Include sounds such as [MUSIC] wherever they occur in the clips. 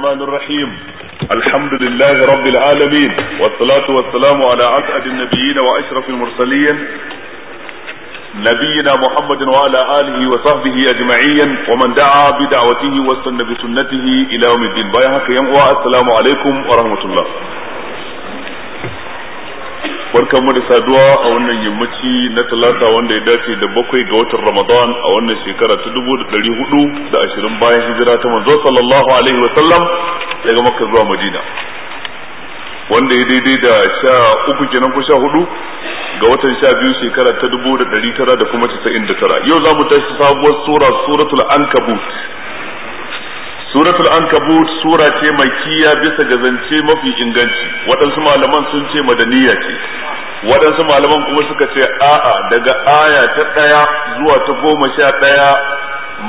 الرحمن الرحيم الحمد لله رب العالمين والصلاة والسلام على أسعد النبيين وأشرف المرسلين نبينا محمد وعلى آله وصحبه أجمعين ومن دعا بدعوته واستنى بسنته إلى يوم الدين بايعك يا السلام عليكم ورحمة الله barkan mu da saduwa a wannan yammaci na talata wanda ya dace da bakwai ga watan ramadan a wannan shekara ta dubu da dari hudu da ashirin bayan hijira ta manzo sallallahu alaihi wasallam daga makka zuwa madina wanda ya daidai da sha uku kenan ko sha hudu ga watan sha biyu shekara ta dubu da dari tara da kuma casa'in da tara yau za mu tashi sabuwar sura suratul ankabut suratul ankabut sura ce mai kiya bisa ga zance mafi inganci waɗansu malaman sun ce madaniya ce waɗansu malaman kuma suka ce a'a daga aya ta ɗaya zuwa ta goma sha ɗaya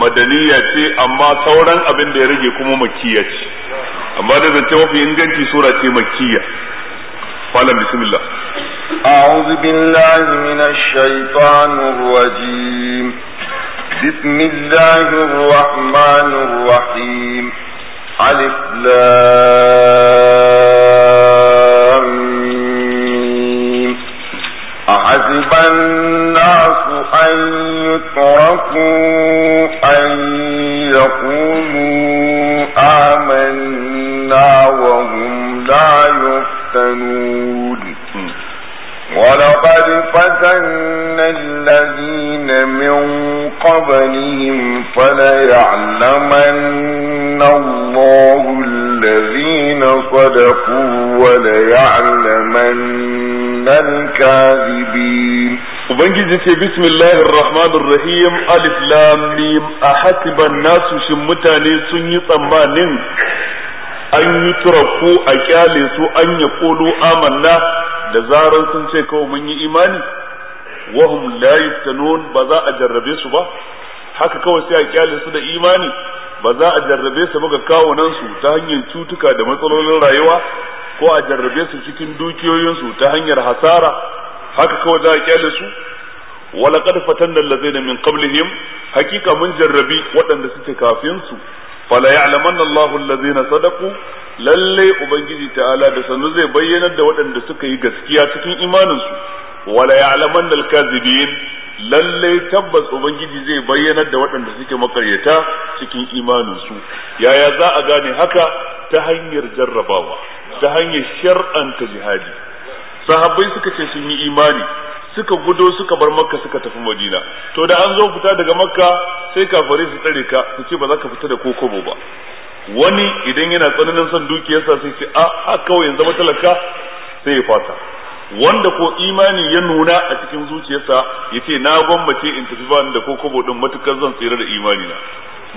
madaniya ce amma sauran abin da ya rage kuma makiya ce amma da zance mafi inganci sura ce makiya. falan bismillah بسم الله الرحمن الرحيم علف لامين أحسب الناس أن يتركوا أن يقولوا فتن الذين من قبلهم فليعلمن الله الذين صدقوا وليعلمن الكاذبين وبنجي في بسم الله الرحمن الرحيم ألف لام ميم أحسب الناس شمتاني سني صمانين an yi turaku a kyale su an ya kolo amanna da zarar sun ce kawai mun yi imani wahum la yuftanun ba za a jarrabe su ba haka kawai sai a kyale su da imani ba za a jarrabe su ga kawunan su ta hanyar cutuka da matsalolin rayuwa ko a jarrabe su cikin dukiyoyin su ta hanyar hasara haka kawai za a kyale su wala qad fatanna allazina min qablihim hakika mun jarrabi waɗanda suke kafin su fala ya'lamanna Allahu allazina sadaqu lalle ubangiji ta'ala da sanu zai bayyanar da waɗanda suka yi gaskiya cikin imaninsu wala ya'lamanna al kadhibin lalle tabbas ubangiji zai bayyanar da waɗanda suke makaryata cikin imanin su yaya za a gane haka ta hanyar jarrabawa ta hanyar shar'anta jihadi sahabbai suka ce sun yi imani suka gudo suka bar makka suka tafi madina to da an zo fita daga makka sai kafare su tsare ka su ce ba za ka fita da kokobo ba wani idan yana tsananin son dukiyarsa sai ce ah, a a kawai yanzu zama talaka sai ya fata wanda ko imani ya nuna a cikin zuciyarsa ya ce na gwammace in tafi ba da kokobo din matukar zan tsira da imani na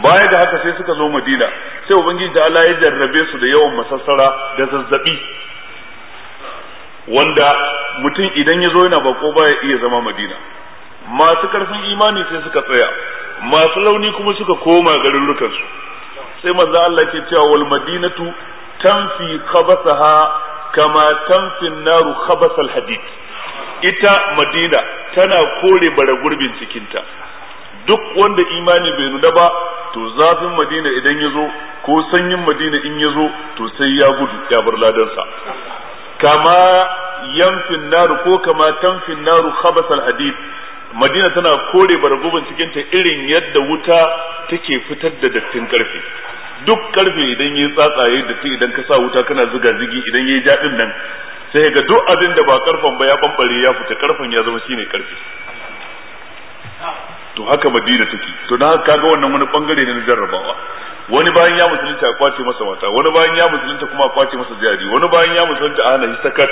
baya da haka sai suka zo madina sai ubangiji da Allah ya jarrabe su da yawan masassara da zazzabi wanda mutum idan ya zo yana bako baya iya zama madina masu karfin imani sai suka tsaya masu launi kuma suka koma garurrukansu sai manzo Allah ke cewa wal madinatu tanfi khabasaha kama tanfi naru khabas al hadid ita madina tana kore bara gurbin cikinta duk wanda imani bai nuna ba to zafin madina idan ya zo ko sanyin madina in ya zo to sai ya gudu ya bar ladansa kama yamfin naru ko kama tamfin naru al hadid madina tana kore baragubin cikin ta irin yadda wuta take fitar da dattin karfe duk karfe idan yayi tsatsaye ti idan ka sa wuta kana zuga zigi idan yayi jadin nan sai ga duk abin da ba karfen ba ya bambare ya fita karfen ya zama shine karfe to haka madina take to dan haka kaga wannan wani bangare ne na jarrabawa wani bayan ya musulunta a kwace masa mata wani bayan ya musulunta kuma kwace masa jari wani bayan ya musulunta a hana shi sakat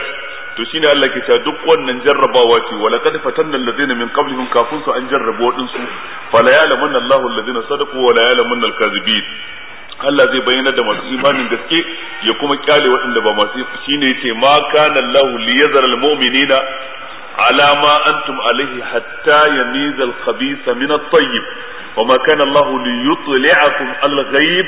to shine Allah ke cewa duk wannan jarrabawa ce wala laqad fatanna alladhina min qablihim kafin su an jarrabu din su fala ya'lamanna Allahu alladhina sadaqu wa la ya'lamanna al Allah zai bayyana da masu imanin gaske ya kuma kyale waɗanda ba masu shine yace ma kana Allahu liyazara al-mu'minina ala ma antum alayhi hatta yamiza al-khabitha min at-tayyib وما كان الله ليطلعكم على الغيب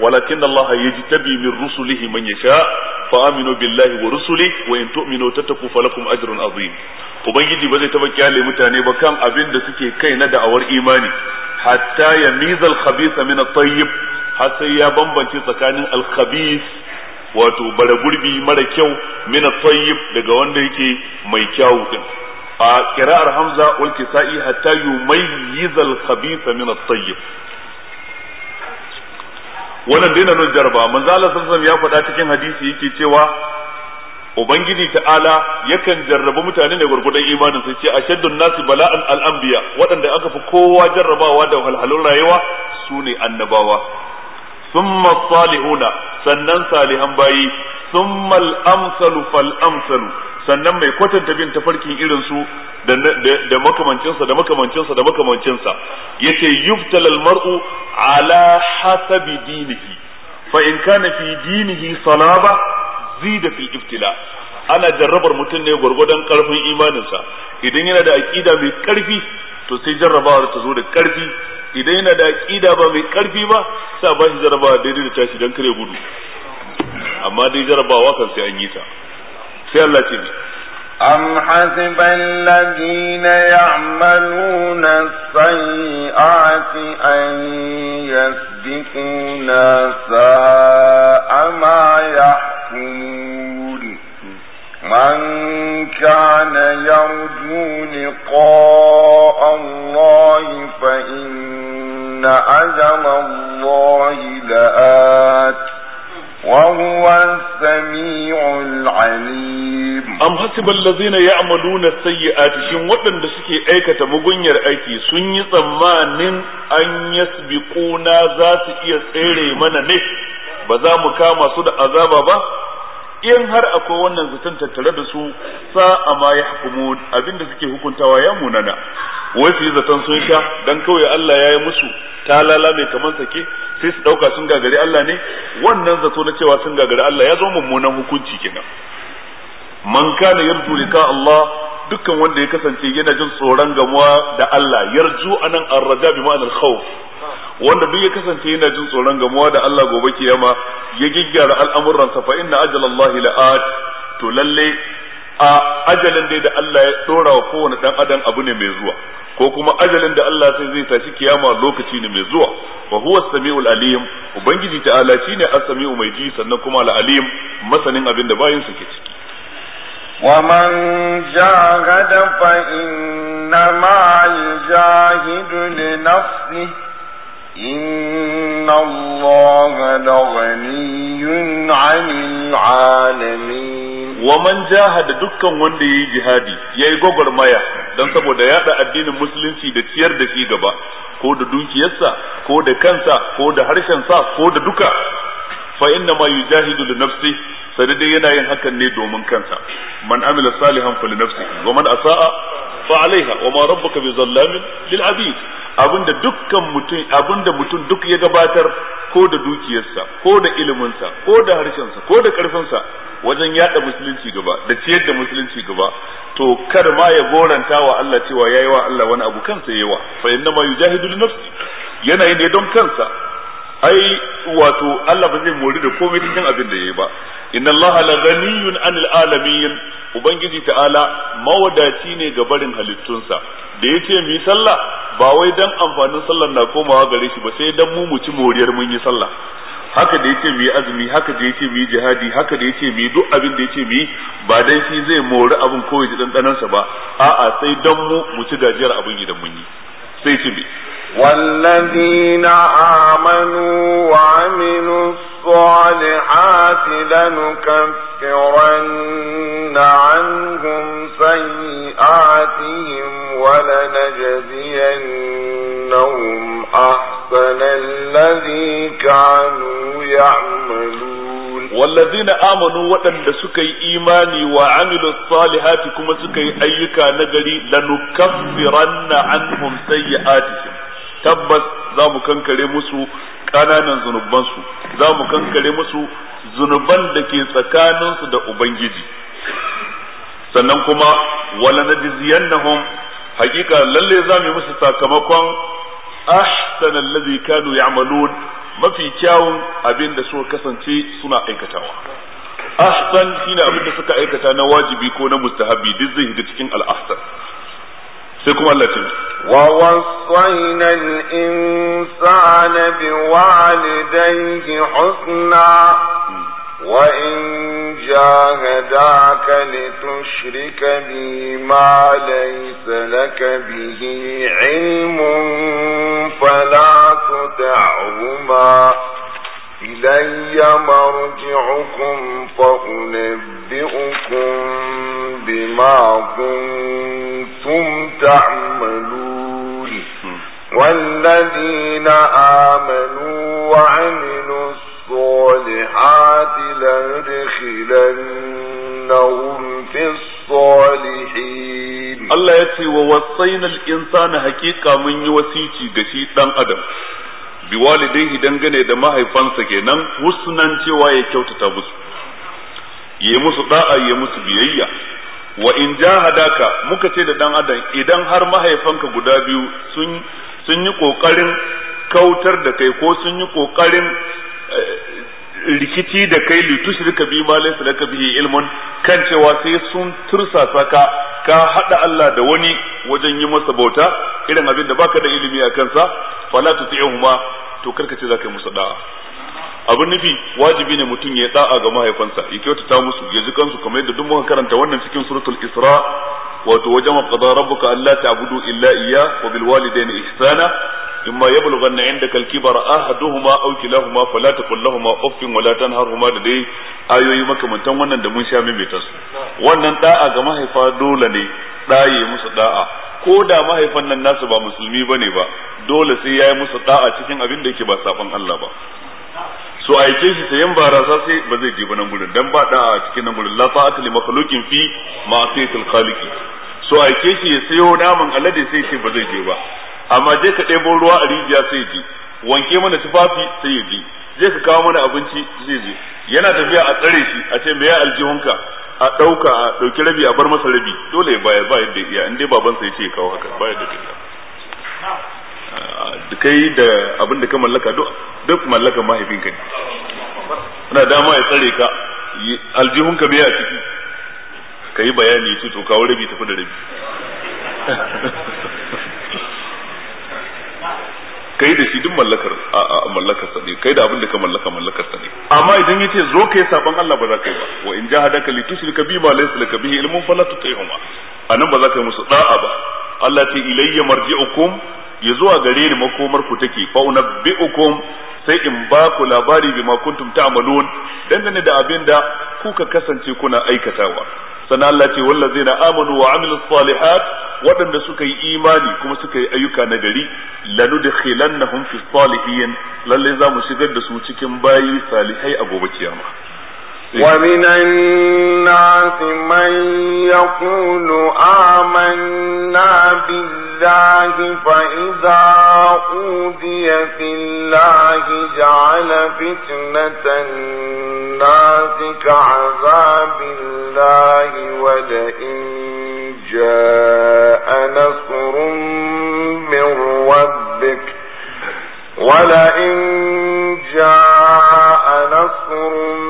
ولكن الله يجتبي من رسله من يشاء فآمنوا بالله ورسله وإن تؤمنوا تتقوا فلكم أجر عظيم ubangiji ba zai taba kyale mutane ba kan abin da suke kai na da'awar imani hatta ya mizal khabisa min at-tayyib har sai ya bambance tsakanin al-khabis wato bara gurbi mara kyau min at-tayyib daga wanda yake mai kyau din a kiraar hamza wal kisa'i hatta yumayyiz al khabith min at tayyib wannan dai na nun jarba manzo Allah sallallahu ya faɗa cikin hadisi yake cewa ubangiji ta'ala yakan jarraba mutane ne gurgudan imanin sai ce ashaddun nasi bala'an al anbiya waɗanda aka fi kowa jarrabawa da halhalun rayuwa sune annabawa summa salihuna sannan salihan bayi amsalu fal-amsalu sannan mai kwatanta bin tafarkin irin su da makamancinsa da makamancinsa da makamancinsa yace yuftal al mar'u ala hasabi dinihi fa in kana fi dinihi salaba zida fil ibtila ana jarrabar mutum ne gwargwadon karfin imaninsa idan yana da aqida mai karfi to sai jarrabawar ta zo da karfi idan yana da aqida ba mai karfi ba sai ba shi jarrabawa daidai da tashi dan kare gudu amma dai jarrabawa kan sai an yi ta Amhazi ban lagina ya malu na sanyi ati, "Ani as-dikina sama ya kum'wuri." Man cana ya gudu ni kowoyi fahimma azama woyi la'atu. وهو السميع العليم أم حسب الذين يعملون السيئات شن ودن da suke aikata mugunyar aiki sun yi tsammanin an yasbiquna za su iya tsere mana ne ba za mu kama su da azaba ba in har akwai wannan zaton tattare da su sa'a ma yahkumun abinda suke hukuntawa ya munana wai su yi zaton sun sha dan kawai Allah ya yi musu ta lala mai kamar sake sai su dauka sun gagari Allah ne wannan zato na cewa sun gagari Allah ya zo mummunan hukunci kenan man kana yarju lika Allah dukkan wanda ya kasance yana jin tsoron gamuwa da Allah yarju anan arraja bi ma'anar khawf wanda duk ya kasance yana jin tsoron gamuwa da Allah gobe kiyama ya giggyara al'amuransa fa inna ajalallahi la'at to lalle a ajalin dai da Allah ya dora wa kowane dan adam abu ne mai zuwa ko kuma ajalin da Allah sai zai tashi kiyama lokaci ne mai zuwa wa huwa samiul alim ubangiji ta'ala shine as-sami'u mai ji sannan kuma al-alim masanin abin da bayin su ke ciki ومن جاهد فإنما li nafsi inna الله ghaniyyun 'anil 'alamin wa man da dukkan wanda yi jihadi ya yayi gwagwarmaya don saboda yada addinin musulunci da ciyar da shi gaba ko da dukiyarsa ko da kansa ko da harshen sa ko da duka fa inna ma yujahidu li nafsi sai yana yin hakan ne domin kansa man amila salihan fa li nafsi wa man asaa wa alaiha wa ma rabbuka bi zallamin lil abid abinda dukkan mutum abinda duk ya gabatar ko da dukiyarsa ko da iliminsa ko da harshensa ko da karfinsa wajen yada musulunci gaba da ciyar da musulunci gaba to kar ma ya goranta wa Allah cewa yayi wa Allah wani abu kansa yayi wa fa inna ma yujahidu nafsi yana yi ne don kansa ai wato Allah ba zai mori da komai cikin abin da yayi ba inna Allah la ghaniyun anil alamin ubangiji ta'ala mawadaci ne ga barin halittunsa da yace mu sallah ba wai dan amfanin sallar na komawa gare shi ba sai dan mu mu ci moriyar mun yi sallah haka da yace mu yi azumi haka da yace mu jihadi haka da yace mu duk abin da yace mu ba dan shi zai mori abin ko ya ji ba a'a sai dan mu mu ci gajiyar abin idan mun yi sai ce والذين آمنوا وعملوا الصالحات لنكفرن عنهم سيئاتهم ولنجزينهم أحسن الذي كانوا يعملون والذين آمنوا وأن سكي إيماني وعملوا الصالحات كما سكي أيكا نجري لنكفرن عنهم سيئاتهم tabbas za mu kankare musu ƙananan zunubansu za mu kankare musu zunuban da ke tsakaninsu da ubangiji sannan kuma wala najziyannahum hakika lalle za mu yi musu sakamakon ahsan allazi kanu ya'malun mafi kyawun abin da suka kasance suna aikatawa ahsan shine abin da suka aikata na wajibi ko na mustahabi duk zai cikin al sai kuma Allah ce ووصينا الإنسان بوالديه حسنا وإن جاهداك لتشرك بي ما ليس لك به علم فلا تدعهما إلي مرجعكم فأنبئكم بما كنتم تعملون والذين آمنوا وعملوا الصالحات لندخلنهم في الصالحين الله يتي ووصينا الإنسان حقيقة من يوسيتي قشي دم أدم biwalidaihi dangane da mahaifansa kenan husnan cewa ya kyautata musu yi musu da'a yi musu biyayya wa in jahadaka muka ce da dan adam idan har mahaifanka guda biyu sun sun yi kokarin kautar da kai ko sun yi kokarin eh, rikici da kai litushrika bi ma laysa laka bihi ilmun kan cewa sai sun tursasa ka ka hada Allah da wani wajen yi masa bauta irin abin da baka da ilimi a kansa fala tuti'uhuma to karka ce zaka yi musu da'a abin nufi wajibi ne mutum ya da'a ga mahaifansa ya kyautata musu ya ji kansu kamar yadda duk muka karanta wannan cikin suratul isra wato wajen qada rabbuka alla ta'budu illa iyyahu wa bil walidayni ihsana imma yablughanna indaka al-kibar ahaduhuma aw kilahuma fala taqul lahumu uffin wala tanharhumā da dai ayoyi makamantan wannan da mun sha mai bitar. wannan da'a ga mahaifa dole ne daye musu da'a ko da mahaifan nan nasu ba musulmi bane ba dole sai yayi musu da'a cikin abin da yake ba safan Allah ba so aike shi sayan barasa sai ba zai je ba nan gurin dan ba da'a cikin nan gurin la ta'ata li makhluqin fi ma'siyatil khaliqi so aike shi ya sayo naman alade sai ce ba zai je ba amma je ka ɗebo ruwa a rijiya sai ji wanke mana tufafi sai ya ji je ka kawo mana abinci sai je yana tafiya a tsare shi a ce me ya aljihunka a ɗauka a ɗauki rabi a bar masa rabi dole ya baya ba yadda iya in dai baban sai ce ya kawo haka ba yadda iya da ah, kai da abin da ka mallaka duk mallaka mahaifinka ne ana dama ya tsare ka aljihunka meye a ciki ka yi bayani ya ce to kawo rabi tafi da rabi [LAUGHS] kai da shi duk mallakar mallakar sa ne kai da abin da ka mallaka mallakar sa ne amma idan yace zo kai saban Allah ba za ka yi ba wa in jahadaka li tushrika bi ma laysa laka bihi ilmun fala tuti'huma anan ba za ka yi musu da'a ba Allah ce ilayya marji'ukum ya zuwa gare ni makomar ku take fa unabbi'ukum sai in ba ku labari bi ma kuntum ta'malun dangane da abin da kuka kasance kuna aikatawa sana Allah ce na amanu wa amilu salihat waɗanda suka yi imani kuma suka yi ayyuka na gari lanudkhilannahum fi salihin lalle za mu shigar da su cikin bayi salihai a gobe kiyama ومن الناس من يقول آمنا بالله فإذا أوذي في الله جعل فتنة الناس كعذاب الله ولئن جاء نصر من ربك ولئن جاء نصر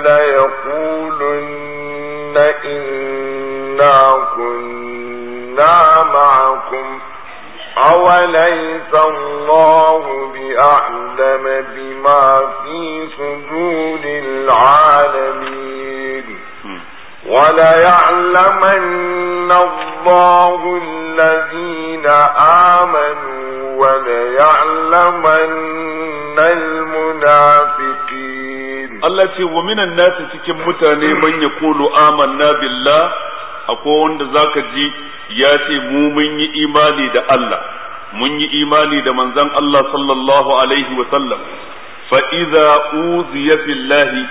ليقولن إنا كنا معكم أوليس الله بأعلم بما في صدور العالمين وليعلمن الله الذين آمنوا وليعلمن المنافقين Allah ce wa minan nasi cikin mutane man Kulu, amanna billah akwai wanda zaka ji ya ce mu mun yi imani da Allah mun yi imani da manzon Allah sallallahu alaihi wa sallam fa idza uziya fillahi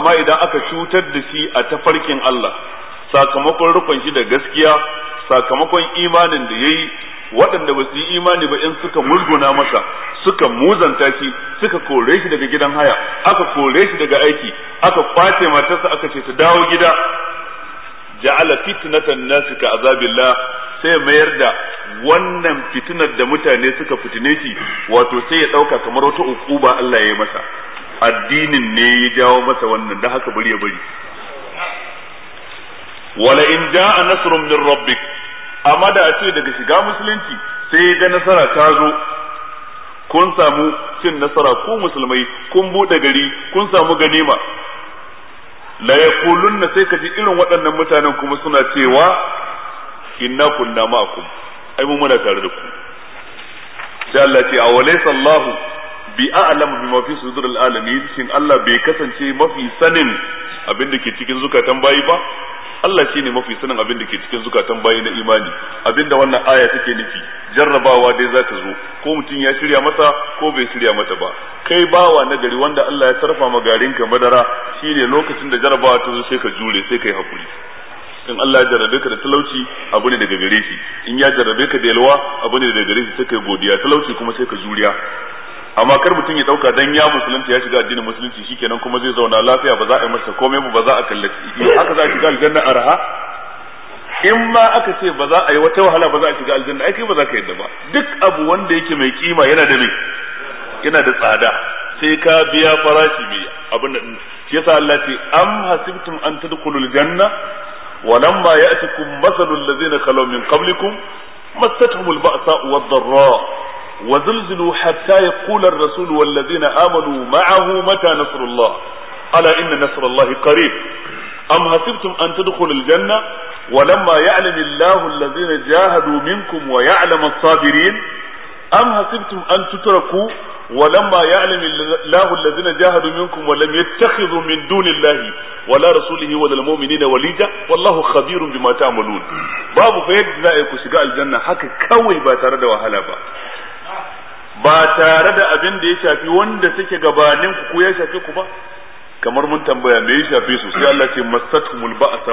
amma idan aka cutar da shi a tafarkin Allah sakamakon rukun shi da gaskiya sakamakon imanin da yayi waɗanda ba su yi imani ba in suka musguna masa suka muzanta shi suka kore shi daga gidan haya aka kore shi daga aiki aka kwace matarsa aka ce ta dawo gida ja'ala fitnatan nasi ka azabillah sai mayar da wannan fitinar da mutane suka fitine shi wato sai ya dauka kamar wata ukuba Allah ya yi masa addinin ne ya jawo masa wannan da haka bari ya bari wala in ja'a nasrun min rabbik amma da a ce daga shiga musulunci sai ga nasara ta zo kun samu cin nasara ku musulmai kun buɗe gari kun samu ganima la yaqulunna sai kaji irin waɗannan mutanen kuma suna cewa inna kunna ma'akum ai mun muna tare da ku sai Allah ce a walaysa bi a'lam bima fi al alamin shin Allah bai kasance mafi sanin abin da ke cikin zukatan bayi ba Allah shi ne mafi sanin abin da ke cikin zukatan bayi na imani abin da wannan aya take nufi jarrabawa dai za ta zo ko mutum ya shirya mata ko bai shirya mata ba kai bawa na gari wanda Allah ya tarfa ma garin ka madara ne lokacin da jarrabawa ta zo sai ka jure sai kai hakuri in Allah ya jarrabe ka da talauci abu ne daga gare shi in ya jarrabe ka da yalwa abu ne daga gare shi sai kai godiya talauci kuma sai ka juriya amma kar mutum ya dauka dan ya musulunci ya shiga addinin musulunci shikenan kuma zai zauna lafiya ba za a yi masa komai ba za a kallaci haka za a shiga aljanna arha in ma aka ce ba za a yi wata wahala ba za a shiga aljanna ai kai ba za ka yadda ba duk abu wanda yake mai kima yana da mai yana da tsada sai ka biya farashi mai abin da shi yasa Allah ce am hasibtum an tadkhulul janna ولما mathalul ladzina khalu min qablikum قبلكم ba'sa wad والضراء وزلزلوا حتى يقول الرسول والذين آمنوا معه متى نصر الله ألا إن نصر الله قريب أم حسبتم أن تدخلوا الجنة ولما يعلم الله الذين جاهدوا منكم ويعلم الصابرين أم حسبتم أن تتركوا ولما يعلم الله الذين جاهدوا منكم ولم يتخذوا من دون الله ولا رسوله ولا المؤمنين وليجا والله خبير بما تعملون babu fa yadda za a yi ku shiga aljanna haka kawai ba tare da wahala ba ba tare da abin da ya shafi wanda suke gabanin ku ko ya shafi ku ba kamar mun tambaya me ya shafi su sai Allah ce masatumul ba'sa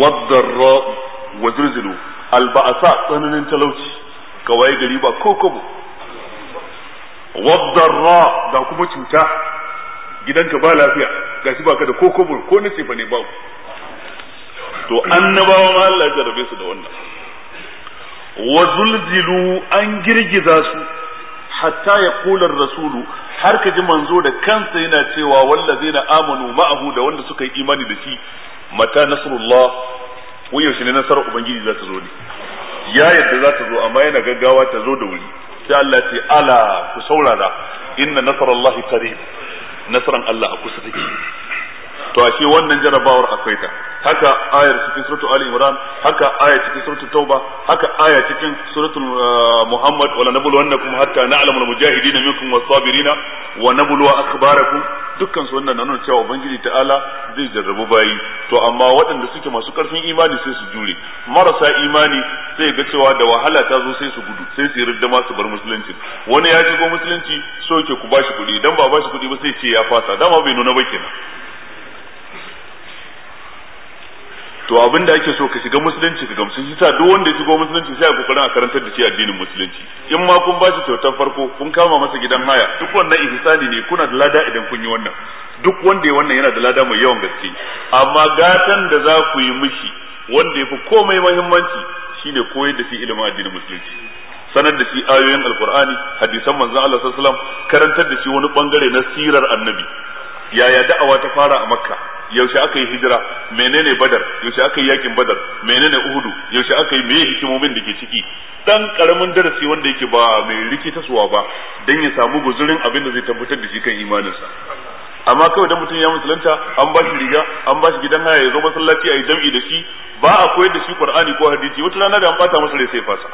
wad-dharra wa zulzilu al-ba'sa tsananin talauci kawai gari ba ko ko wad-dharra da kuma cuta gidanka ba lafiya gashi baka da kokobo ko nace fa ne ba to annabawan Allah ya jarabe su da wannan wa zulzilu an girgiza su hatta ya ƙular rasulu har ka ji manzo da kansa yana cewa na amanu ma'ahu da wanda suka yi imani da shi mata nasrullah wayo shi ne nasarar ubangiji za ta zo ne ya yadda za ta zo amma yana gaggawa ta zo da wuri sai Allah ce ala ku saurara inna nasarallahi qarib nasaran Allah a kusa take to ashe wannan jarabawar akwai ta haka ayar cikin suratul ali imran haka aya cikin suratul tauba haka aya cikin suratul uh, muhammad wala nabulu wannakum hatta na'lamu al-mujahidina minkum was-sabirina wa nabulu akhbarakum dukkan su wannan nanon cewa ubangiji ta'ala zai jarrabu bayi to amma waɗanda suke masu karfin imani sai su jure marasa imani sai ga cewa da wahala ta zo sai su gudu sai su yarda ma su bar musulunci wani ya shigo musulunci so yake ku bashi kuɗi idan ba bashi kuɗi ba sai ce ya fasa dama bai nuna ba kenan to abin da ake so ka shiga musulunci ka gamsu shi sa duk wanda ya shigo musulunci sai a kokarin a karantar da shi addinin musulunci in ma kun ba shi kyautar farko kun kama masa gidan haya duk wannan ihsani ne kuna da lada idan kun yi wannan duk wanda ya wannan yana da lada mai yawan gaske amma gatan da za ku yi mishi wanda ya fi komai muhimmanci shine koyar da shi ilimin addinin musulunci sanar da shi ayoyin alkur'ani hadisan manzon Allah sallallahu alaihi wasallam karantar da shi wani bangare na sirar annabi yaya da'awa ta fara a makka yaushe aka yi hijira menene badar yaushe aka yi yakin badar menene uhudu yaushe aka yi meye hikimomin da ke ciki dan karamin darasi wanda yake ba mai rikitaswa ba dan ya samu guzurin abin da zai tabbatar da shi kan imaninsa amma kawai dan mutum ya musulunta an ba shi riga an ba shi gidan haya ya zo masallaci a yi jam'i da shi ba a koyar da shi qur'ani ko hadisi wata rana da an bata masa rai sai fasa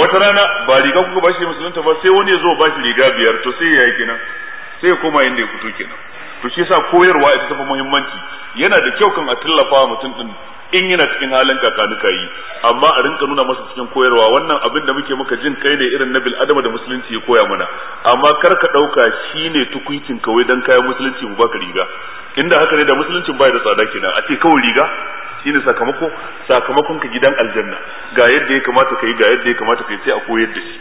wata rana ba riga kuka ba shi musulunta ba sai wani ya zo ba shi riga biyar to sai ya yi kenan sai ya koma inda ya fito kenan to shi yasa koyarwa ita tafi muhimmanci yana da kyau kan a tallafa wa mutum din in yana cikin halin kakanuka yi amma a rinka nuna masa cikin koyarwa wannan abin da muke muka jin kai ne irin na bil adama da musulunci ya koya mana amma kar ka ɗauka dauka shine tukuncin kawai dan kayan musulunci mu baka riga inda haka ne da musuluncin baya da tsada kenan a ce kawai riga shine sakamako sakamakon ka gidan aljanna ga yadda ya kamata ka yi ga yadda ya kamata ka yi sai a koyar da shi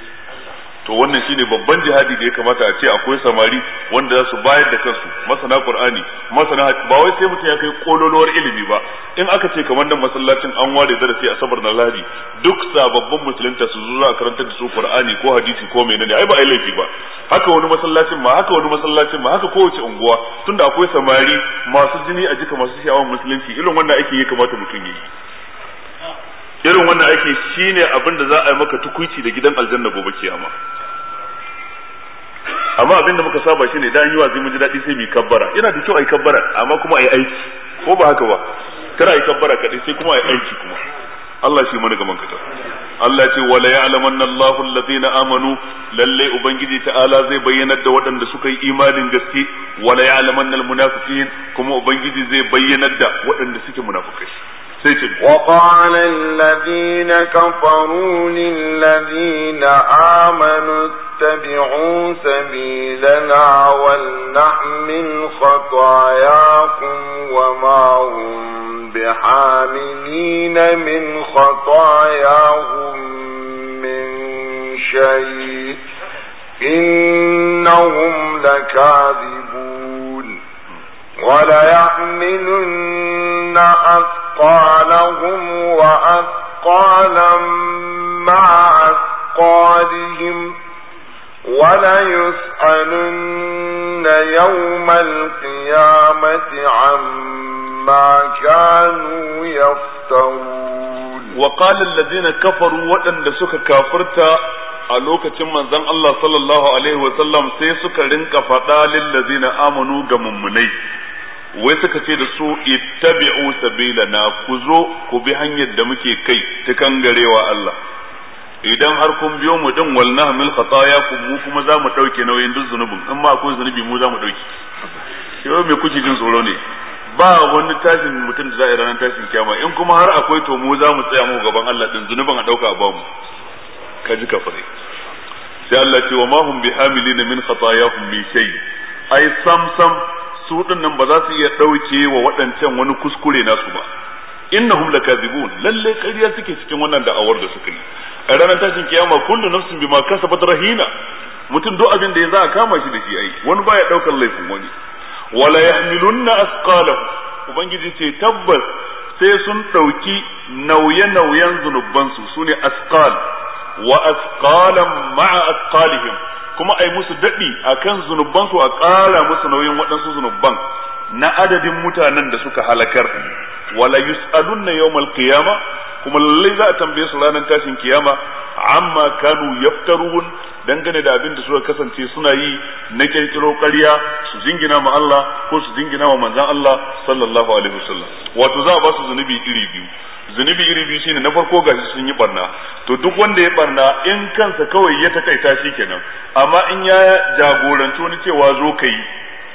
to wannan shine babban jihadi da ya kamata a ce akwai samari wanda za su bayar da kansu masana qur'ani masana ba wai sai mutum ya kai kololowar ilimi ba in aka ce kamar nan masallacin an ware darasi a sabar na lahadi duk sababbin musulunta su zo a karantar da su qur'ani ko hadisi ko menene ai ba ai laifi ba haka wani masallacin ma haka wani masallacin ma haka kowace unguwa tunda akwai samari masu jini a jika masu sha'awar musulunci irin wannan ake yi kamata mutum yi irin wannan aiki shine abin da za a yi maka tukunci da gidan aljanna gobe kiyama amma abin da muka saba shine dan yi wazi mun ji dadi sai mu kabbara yana da kyau ai kabbara amma kuma ai aiki ko ba haka ba kada ai kabbara kadai sai kuma ai aiki kuma Allah shi mana gaban kata Allah ce wala ya'lamanna Allahu alladhina amanu lalle ubangiji ta'ala zai bayyanar da waɗanda suka yi imanin gaske wala ya'lamanna almunafiqin kuma ubangiji zai bayyanar da waɗanda suke munafikai وقال الذين كفروا للذين آمنوا اتبعوا سبيلنا ولنحمل خطاياكم وما هم بحاملين من خطاياهم من شيء إنهم لكاذبون وليحملن أكثر أثقالهم وأثقالا مع أثقالهم وليسألن يوم القيامة عما كانوا يفترون وقال الذين كفروا وأن لسك كافرت a lokacin manzon Allah sallallahu alaihi wasallam sai suka rinka faɗa ladina amanu ga mummunai wai suka ce da su ittabi'u sabilana ku zo ku bi hanyar da muke kai ta kangarewa Allah idan har kun biyo mu din walna mil khataya ku mu kuma za mu dauke nauyin duk zunubin in ma akwai zunubi mu za mu dauke yau me kuke jin tsoro ne ba wani tashin mutum da za a ranar tashin kiyama in kuma har akwai to mu za mu tsaya mu gaban Allah din zunubin a dauka a bamu ka ji kafare sai Allah ce wa ma hum bihamilina min khatayahum min shay ai sam sam su nan ba za su iya ɗauke wa waɗancan wani kuskure nasu ba innahum lakazibun lalle ƙarya suke cikin wannan da'awar da suka a ranar tashin kiyama kullu nafsin bima kasabat rahina mutum duk abin da ya za a kama shi da shi ai wani baya daukar laifin wani wala yahmilunna asqalah ubangiji ce tabbas sai sun ɗauki nauye-nauyen zunubansu sune asqal wa asqalan ma'a asqalihim kuma yi musu daɗi a kan zunubansu a ƙara musu nauyin waɗansu zunuban na adadin mutanen da suka halakar wala yus'alunna yawmal qiyama kuma lallai za a tambaye su ranar tashin kiyama amma kanu yaftarun dangane da abin da suka kasance suna yi na kirkiro ƙarya su jingina ma Allah ko su jingina wa manzon Allah sallallahu alaihi wasallam wato za a ba su zunubi iri biyu zunubi iri biyu shine na farko ga shi sun yi barna to duk wanda ya barna in kansa kawai ya takaita shi kenan amma in ya jagoranci wani cewa zo kai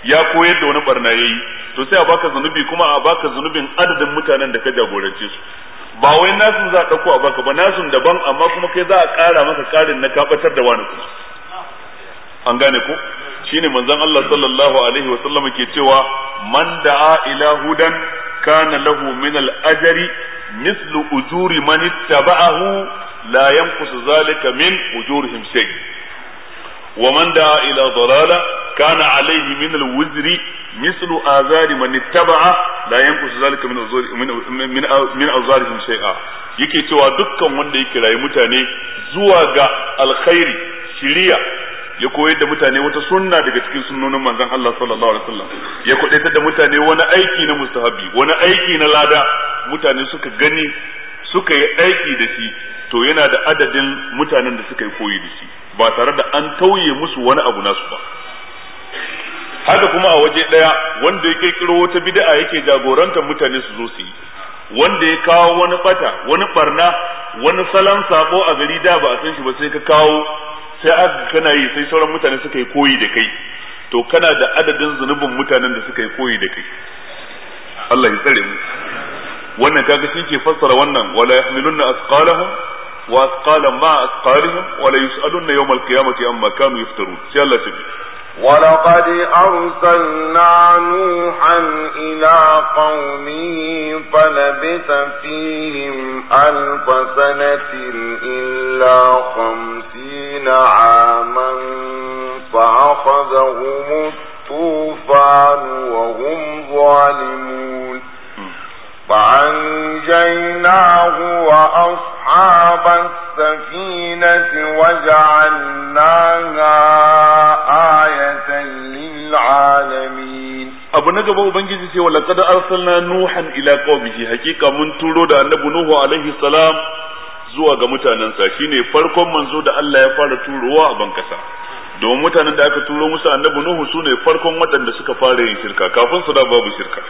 ya koyar da wani barna yayi to sai a baka zunubi kuma a baka zunubin adadin mutanen da ka jagorance su ba wai nasun za a dauko a baka ba nasun daban amma kuma kai za a kara maka karin na kabatar da wani kuma an gane ko shine manzon Allah sallallahu alaihi wa sallam ke cewa man da'a ila hudan kana lahu min al-ajri mislu ujuri man ittaba'ahu la yanqusu zalika min ujurihim shay wa man da'a ila dalala kana alayhi min al mislu azari man ittaba'a la yanqusu zalika min uzuri min min yake cewa dukkan wanda yake rayi mutane zuwa ga alkhairi shiriya ya koyar da mutane wata sunna daga cikin sunnonin manzon Allah sallallahu alaihi wasallam ya kudaitar da mutane wani aiki na mustahabi wani aiki na lada mutane suka gani suka yi aiki da shi to yana da adadin mutanen da suka yi koyi da shi ba tare da an tauye musu wani abu nasu ba haka kuma a waje daya wanda ya kirkiro wata bid'a yake jagorantar mutane su zo su yi wanda ya kawo wani bata wani barna wani salon sabo a gari da ba a san shi ba sai ka kawo sai aka kana yi sai sauran mutane suka yi koyi da kai to kana da adadin zunubin mutanen da suka yi koyi da kai Allah ya tsare mu wannan kaga shi ke fassara wannan wala yahmilunna asqalahum wa asqalan ma asqalihim wala yus'alunna yawmal qiyamati amma kanu yaftarun sai Allah ya ولقد أرسلنا نوحا إلى قومه فلبث فيهم ألف سنة إلا خمسين عاما فأخذهم الطوفان وهم ظالمون فأنجيناه وأصحاب السفينة وجعلناها آية للعالمين abu na gaba ubangiji ce wa laqad arsalna nuhan ila qaumihi hakika mun turo da annabi nuhu alaihi salam zuwa ga mutanensa shine farkon manzo da Allah ya fara turowa a bankasa domin mutanen da aka turo musu annabi nuhu sune farkon waɗanda suka fara yin shirka kafin su da babu shirka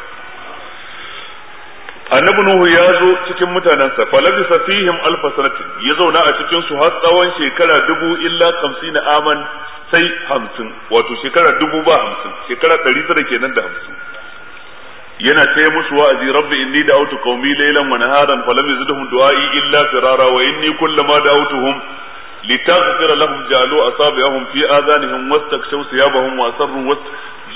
annabi nuhu ya zo cikin mutanensa labisa fihim alf sanati ya zauna a cikin su har tsawon shekara dubu illa 50 aman sai hamsin wato shekara dubu ba hamsin shekara ɗari kenan da hamsin yana ta musu wa'azi rabbi inni da'utu qaumi laylan wa naharan lam yazidhum du'ai illa firara wa inni kullama da'utuhum litaghfira lahum ja'alu asabi'ahum fi adhanihim wastakshaw thiyabahum wa asarru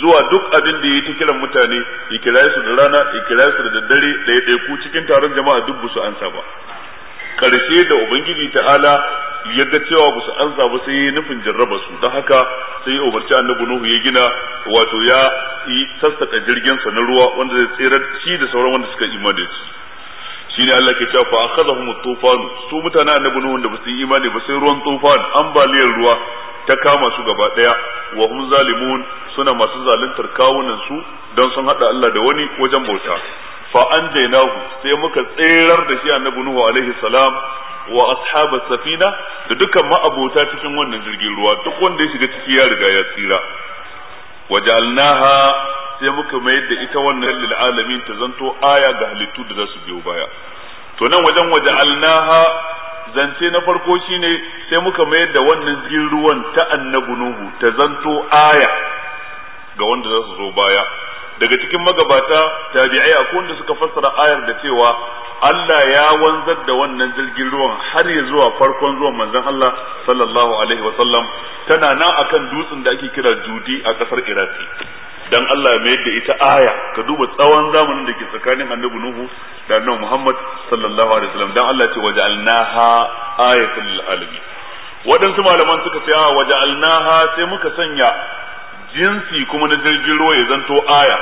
zuwa duk abin da yi ta kiran mutane ya kira su da rana ya kira su da daddare da ya ku cikin taron jama'a duk busu ansa ba karshe da ubangiji ta'ala ya ga cewa busu ansa ba sai ya nufin jarraba su don haka sai ya umarci annabi nuhu ya gina wato ya yi sassaka jirgin sa na ruwa wanda zai tsirar shi da sauran wanda suka imani ne Allah ke cewa fa akhadhahum at-tufan su mutanen annabi nuhu da basu yi imani ba sai ruwan tufan ambaliyar ruwa ta kama su gaba daya wa hum zalimun suna masu zaluntar kawunan su don sun hada Allah da wani wajen bauta fa anjaynahu sai muka tserar da shi annabi nuhu alaihi salam wa ashab safina da dukkan ma'abota cikin wannan jirgin ruwa duk wanda ya shiga ciki ya riga ya tsira wajalnaha sai muka mayar da ita wannan lil alamin ta zanto aya ga halittu da za su biyo baya to nan wajen wajalnaha zance na farko shine sai muka mayar da wannan jirgin ruwan ta annabi nuhu ta zanto aya ga wanda za su zo baya daga cikin magabata tabi'ai akwai wanda suka fassara ayar da cewa Allah ya wanzar da wannan jirgin ruwan har ya zuwa farkon zuwan manzon Allah sallallahu alaihi wasallam tana nan akan dutsen da ake kira Judi a kasar Iraki dan Allah mai da ita aya ka duba tsawon zamanin da ke tsakanin annabi nuhu da annabi Muhammad sallallahu alaihi wasallam dan Allah ce waja'alnaha ayatan lil alamin waɗansu malaman suka ce a ah, waja'alnaha sai muka sanya jinsi kuma na jirgin ruwa ya zanto aya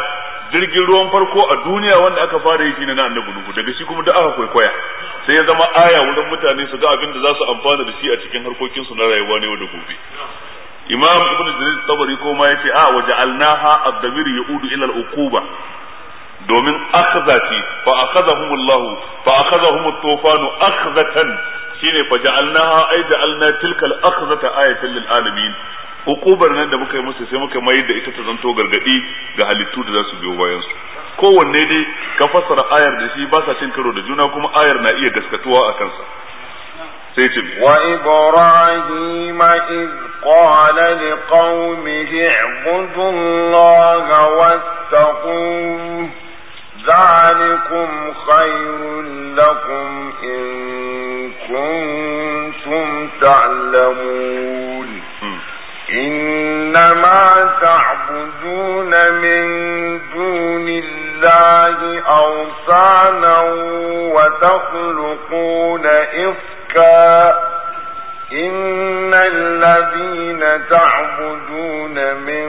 jirgin ruwan farko a duniya wanda aka fara yi shine na annabi nuhu daga shi kuma da aka kwaikwaya sai ya zama aya wurin mutane su ga abin da za su amfana da shi a cikin harkokin su na rayuwa ne da gobe imam ibn jarir tabari ko yace a wa ja'alnaha ad-damir yaudu ila al-uquba domin akhzati fa akhadhahum Allah fa akhadhahum at-tufanu akhzatan shine fa ja'alnaha ay ja'alna tilka al-akhzata ayatan lil alamin hukubar nan da muka yi musu sai muka mai da ita ta zanto gargadi ga halittu da za su biyo bayan su kowanne dai ka fassara ayar da shi ba sa cin karo da juna kuma ayar na iya gaskatuwa a kansa سيتم وإبراهيم إذ قال لقومه اعبدوا الله واتقوه ذلكم خير لكم إن كنتم تعلمون إنما تعبدون من دون الله أوثانا وتخلقون إفتا شركا إن الذين تعبدون من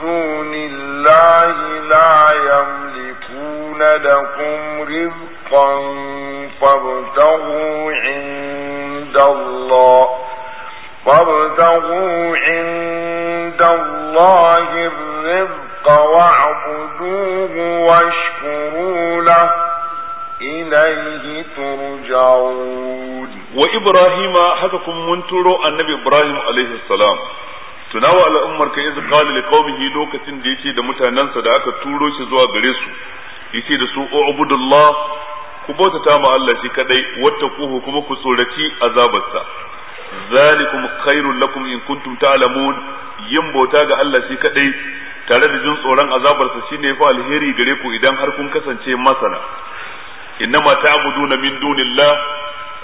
دون الله لا يملكون لكم رزقا فابتغوا عند الله فابتغوا عند الله الرزق واعبدوه واشكروا له إليه ترجعون wa ibrahima haka kuma mun turo annabi ibrahim alaihi salam tunawa al'ummar ka iz qala liqaumihi lokacin da yace da mutanansa da aka turo shi zuwa gare su yace da su o abudullah ku ta ma Allah shi kadai ku kuma ku tsoraci azabarsa zalikum khairul lakum in kuntum ta'lamun yin bauta ga Allah shi kadai tare da jin tsoron azabarsa shine fa alheri gare ku idan har kun kasance masana innama ta'buduna min dunillah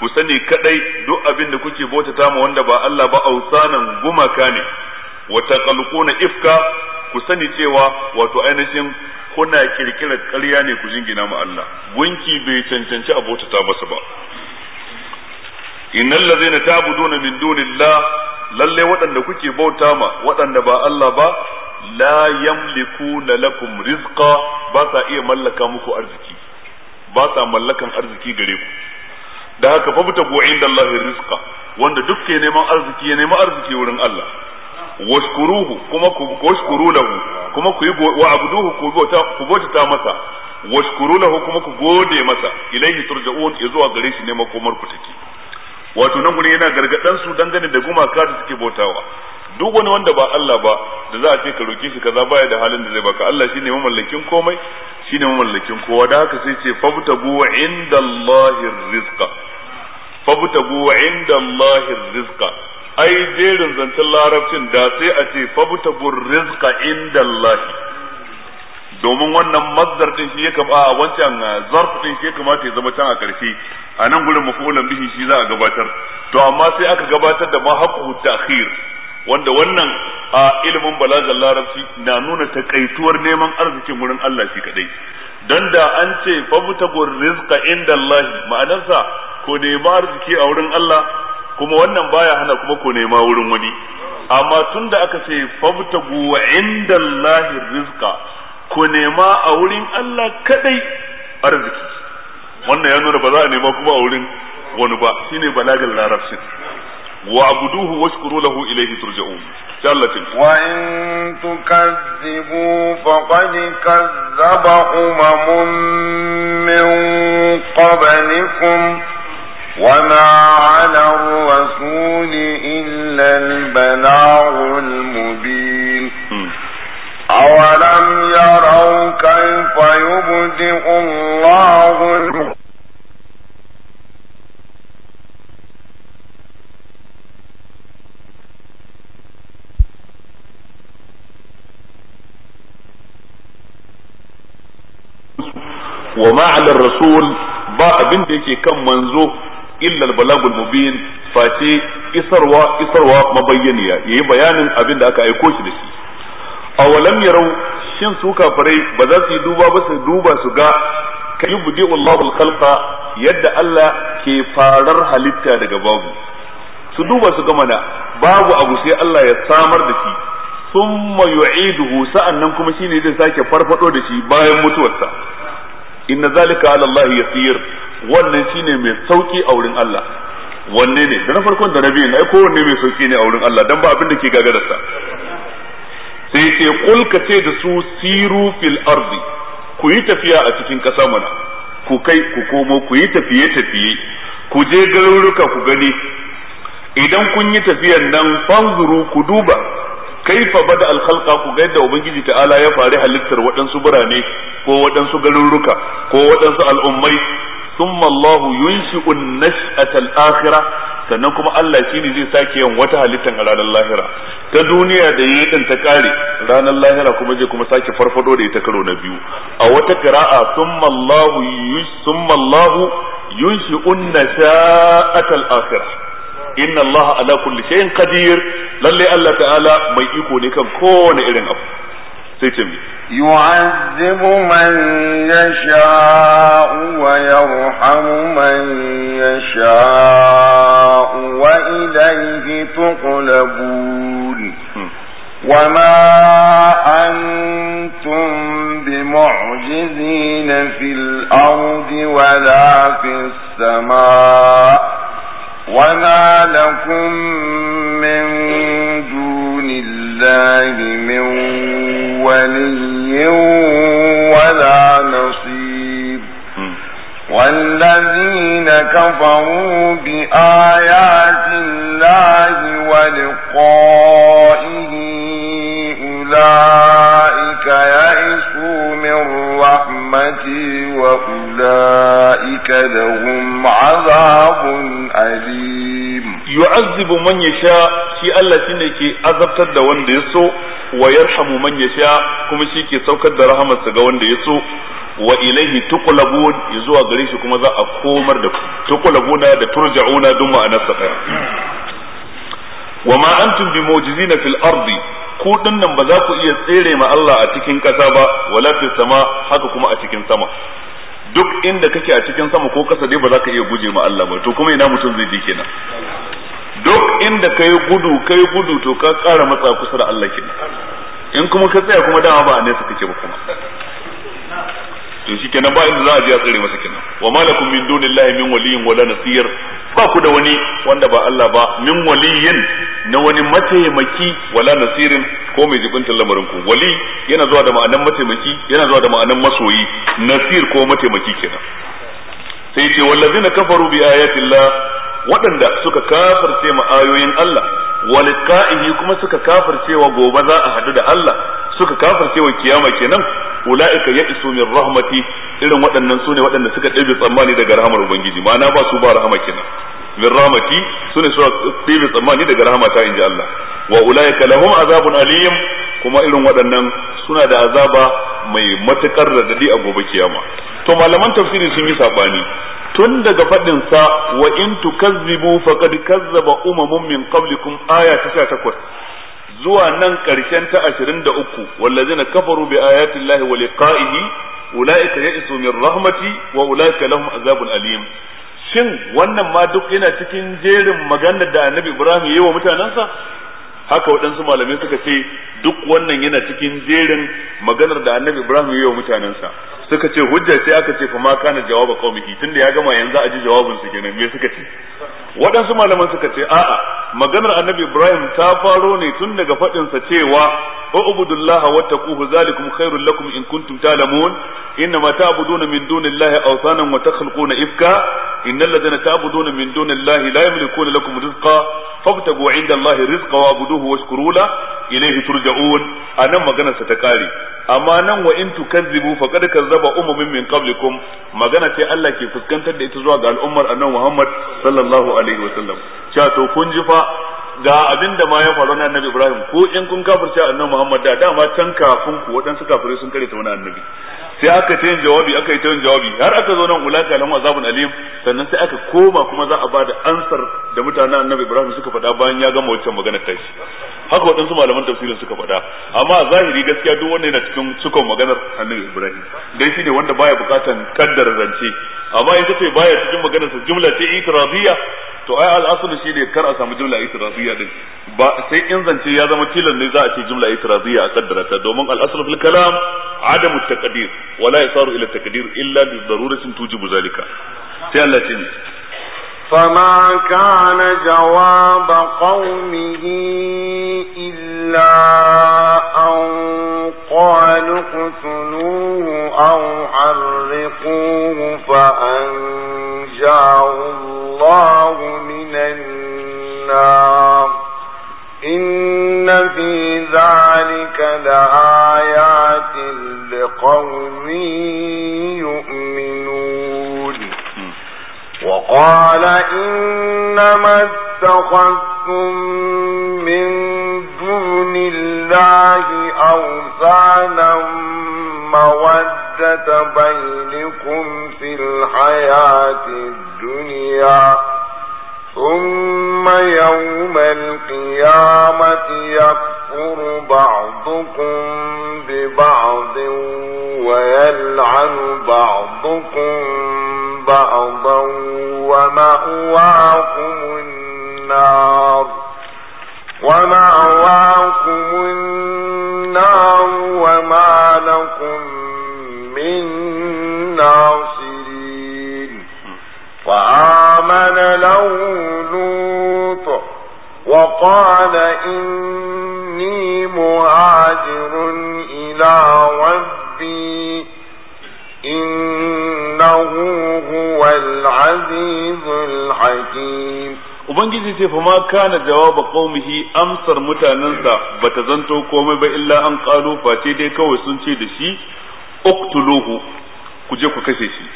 ku sani kadai duk abin da kuke bautata ma wanda ba Allah ba ausanan gumaka ne wa taqalquna ifka ku sani cewa wato ainihin kuna kirkirar ƙarya ne ku jingina ma Allah gunki bai cancanci a bautata masa ba innal ladzina ta'buduna min dunillah lalle waɗanda kuke bauta ma waɗanda ba Allah ba la yamlikuna lakum rizqa ba sa iya mallaka muku arziki ba sa mallakan arziki gare ku da haka fa butabu da Allah rizqa wanda duk ke neman arziki ya nema arziki wurin Allah washkuruhu kuma ku washkuru lahu kuma ku yi wa abduhu ku bauta ku bauta masa washkuru lahu kuma ku gode masa ilayhi turja'un zuwa gare shi ne komar ku take wato nan gurin yana gargadan su dangane da gumaka da suke bautawa duk wani wanda ba Allah ba da za a ce ka roke shi kaza baya da halin da zai baka Allah shine mamallakin komai shine mamallakin kowa da haka sai ce fabtabu indallahi rizqa fabtagu inda Allah rizqa ai jerin zancen larabcin da sai a ce fabtagu rizqa inda Allah domin wannan mazdar din shi ya kama a wancan zarf din shi ya kamata ya zama can a karshe a nan gurin mafulan bihi shi za a gabatar to amma sai aka gabatar da ma haqqu ta'khir wanda wannan a ilimin balagar larabci na nuna takaituwar neman arzikin wurin Allah shi kadai dan da an ce fabtagu rizqa inda Allah ma'anarsa ko nema arziki a wurin Allah kuma wannan baya hana kuma ko nema wurin wani amma tunda aka ce fabtagu wa inda Allahi rizqa ko nema a wurin Allah kadai arziki wannan ya nuna ba za a nema kuma a wurin wani ba shine balagal larabcin washkuru lahu ilayhi turja'un ترجعون wa in تكذبوا faqad kazzaba umamun min qablikum وما على الرسول إلا البلاغ المبين أولم يروا كيف يبدئ الله wa ma ala rasul ba abin da yake kan manzo illa al-balagul mubin face isarwa isarwa mabayyaniya yayi bayanin abin da aka aiko shi da shi awalam yarau shin su kafirai ba za su duba ba su duba su ga kai budi Allahu khalqa yadda Allah ke farar halitta daga babu su duba su ga mana babu abu sai Allah ya samar da shi thumma yu'iduhu sa'annan kuma shine zai sake farfado da shi bayan mutuwarsa inna zalika ala Allah yasir wannan shine mai sauki a wurin Allah wanne ne da na farkon da na ko wanne mai sauki ne a wurin Allah dan ba abin da ke gagararsa sai ce kul ka ce da su siru fil ardi ku yi tafiya a cikin kasa mana ku kai ku komo ku yi tafiye tafiye ku je garuruka ku gani idan kun yi tafiyan nan fanzuru ku duba kai kaifa bada alkhalqa ku ga yadda ubangiji ta'ala ya fari halittar waɗansu birane ko waɗansu garuruka ko waɗansu al'ummai thumma Allahu yunshi'u an-nash'ata sannan kuma Allah ne zai sake yin wata halittar a ranar lahira ta duniya da yi din ta kare ranar lahira kuma zai kuma sake farfado da ita karo na biyu a wata qira'a thumma Allahu thumma Allahu yunshi'u an-nash'ata al inna Allah ala kulli shay'in qadir lalle Allah ta'ala mai iko ne kan kowane irin abu sai ce يعذب من يشاء ويرحم من يشاء وإليه تقلبون وما أنتم بمعجزين في الأرض ولا في السماء وما لكم من دون الله الله من ولي ولا نصير والذين كفروا بآيات الله ولقائه أولئك يئسوا من رحمتي وأولئك لهم عذاب أليم يعذب من يشاء في الله شيني أذبت الدوان ديسو ويرحم من يشاء كما شي كي سوكت دا رحمة دا وند يسو wa ilaihi tuqlabun zuwa gare shi kuma za a komar da ku tuqlabuna da turja'una dun ma'anar wa ma antum bi mu'jizina fil ardi ku dinnan ba za ku iya tsere ma Allah a cikin ƙasa ba wala fi sama haka kuma a cikin sama duk inda kake a cikin sama ko ƙasa dai ba za ka iya guje ma Allah ba to kuma ina mutum zai je kenan duk inda kai gudu kai gudu to ka ƙara matsa kusa da Allah kenan in kuma ka tsaya kuma dama ba a nesa kake ba kuma to shikenan ba inda za a je a tsere masa kenan wa malakum min dunillahi min waliyyin wala nasir ba ku da wani wanda ba Allah ba min waliyin na wani mataimaki wala nasirin ko mai jibintar lamarin ku wali yana zuwa da ma'anan mataimaki yana zuwa da ma'anan masoyi nasir ko mataimaki kenan sai ce wallazina kafaru bi ayatillah waɗanda suka kafirce ma ayoyin Allah walqa'ihi kuma suka kafirce wa gobe za a hadu da Allah suka kafirce wa kiyama kenan ulaika ya'isu min rahmati irin waɗannan sune waɗanda suka ɗabi tsammani daga rahamar ubangiji ma'ana ba su ba rahama kenan min rahmati sune su tsibi tsammani daga rahmata inji Allah wa ulaika lahum azabun alim kuma irin waɗannan suna da azaba mai matukar radadi a gobe kiyama to malaman tafsiri sun yi sabani tun daga faɗin sa wa in tukazzibu faqad kazzaba umamun min qablikum aya ta 18 zuwa nan karshen ta 23 wallazina kafaru bi ayati llahi wa liqa'ihi ulaika ya'isu min rahmati wa ulaika lahum azabun alim shin wannan ma duk yana cikin jerin maganar da annabi ibrahim ya yi wa mutanensa haka waɗansu malamai suka ce duk wannan yana cikin jerin maganar da annabi ibrahim ya yi wa mutanensa suka ce hujja sai aka ce fama kana jawaba qaumiki tunda ya gama yanzu a ji jawabin su kenan me suka ce waɗansu malaman suka ce a'a maganar annabi ibrahim ta faro ne tun daga faɗin sa cewa ubudullaha wattaquhu zalikum khairul lakum in kuntum ta'lamun ma ta'buduna min dunillahi awthanan wa takhluquna ifka innal ladzina ta'buduna min dunillahi la yamlikuna lakum rizqa fabtagu 'inda allahi rizqa wa'budu fa'buduhu washkuru la ilayhi turja'un anan maganar sa ta kare amma nan wa in tukazzibu faqad kazzaba umamin min qablikum magana ce Allah ke fuskantar da ita zuwa ga al'ummar annabi Muhammad sallallahu alaihi wasallam cewa to kun ji fa ga abin da ma ya faru na annabi Ibrahim ko in kun kafirce annabi Muhammad da dama can kafin ku waɗansu kafirai sun kare ta wani annabi sai aka ta yin jawabi aka yi ta yin jawabi har aka zo nan ulaka lam azabun alim sannan sai aka koma kuma za a ba da ansar da mutanen annabi Ibrahim suka faɗa bayan ya gama magana maganar shi haka waɗansu malaman tafsirin suka faɗa amma zahiri gaskiya duk wanda yana cikin sukan maganar annabi Ibrahim dai shi ne wanda baya bukatan kaddara zance amma in ce baya cikin maganar sa jumla ce itiradiyya to ai al'asulu shi ne kar a samu jumla itiraziyya din ba sai in zance ya zama tilan ne za a ce jumla itiraziyya a kaddara ta domin al'asulu fil kalam adamu taqdir wa la yasaru ila taqdir illa bi daruratin tujibu zalika sai Allah ce فما كان جواب قومه إلا قالوا اقتلوه أو حرقوه فأنجاه الله من النار إن في ذلك لآيات لقوم يؤمنون وقال إنما اتخذتم من ميزانا مودة بينكم في الحياة الدنيا ثم يوم القيامة يكفر بعضكم ببعض ويلعن بعضكم بعضا ومأواكم النار ومأواكم النار وما لكم من ناصرين وآمن له لوط وقال إني مهاجر إلى ربي إنه هو العزيز الحكيم ubangiji ce fa ma kana jawaba qaumihi amsar mutanansa bata zanto komai ba illa an qalu face dai kawai sun ce da shi uqtuluhu ku je ku kashe shi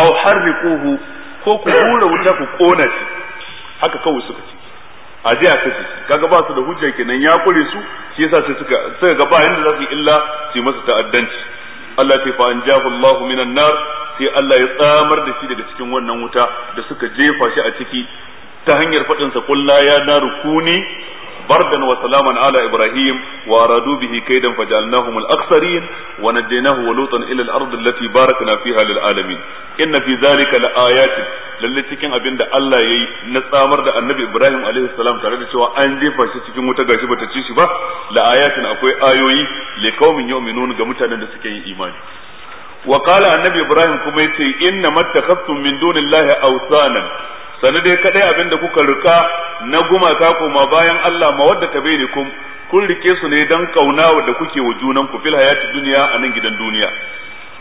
aw harriquhu ko ku hura wuta ku kona shi haka kawai suka ce a je a kashe shi kaga ba su da hujja kenan ya kure su shi yasa sai suka suka ga ba yanda za su yi illa su masa ta'addanci Allah ce fa anjahu Allahu minan nar sai Allah ya tsamar da shi daga cikin wannan wuta da suka jefa shi a ciki ta hanyar faɗin sa ya naru kuni bardan wa salaman ala ibrahim wa aradu bihi kaidan fajalnahum al aktharin wa najaynahu wa lutan ila al ard allati barakna fiha lil alamin inna fi zalika la ayatin lalle cikin abin da Allah yayi na tsamar da annabi ibrahim alaihi salam tare da cewa an jefa shi cikin wuta gashi bata ci shi ba la ayatin akwai ayoyi li qaumin yu'minun ga mutanen da suke yin imani wa qala annabi ibrahim kuma yace inna mattakhaftum min dunillahi awsanan Sani dai kadai abin da kuka rika na gumaka koma bayan Allah ma mawadda ta bainakum kun rike su ne dan kauna da kuke wa junan ku fil hayati duniya a nan gidan duniya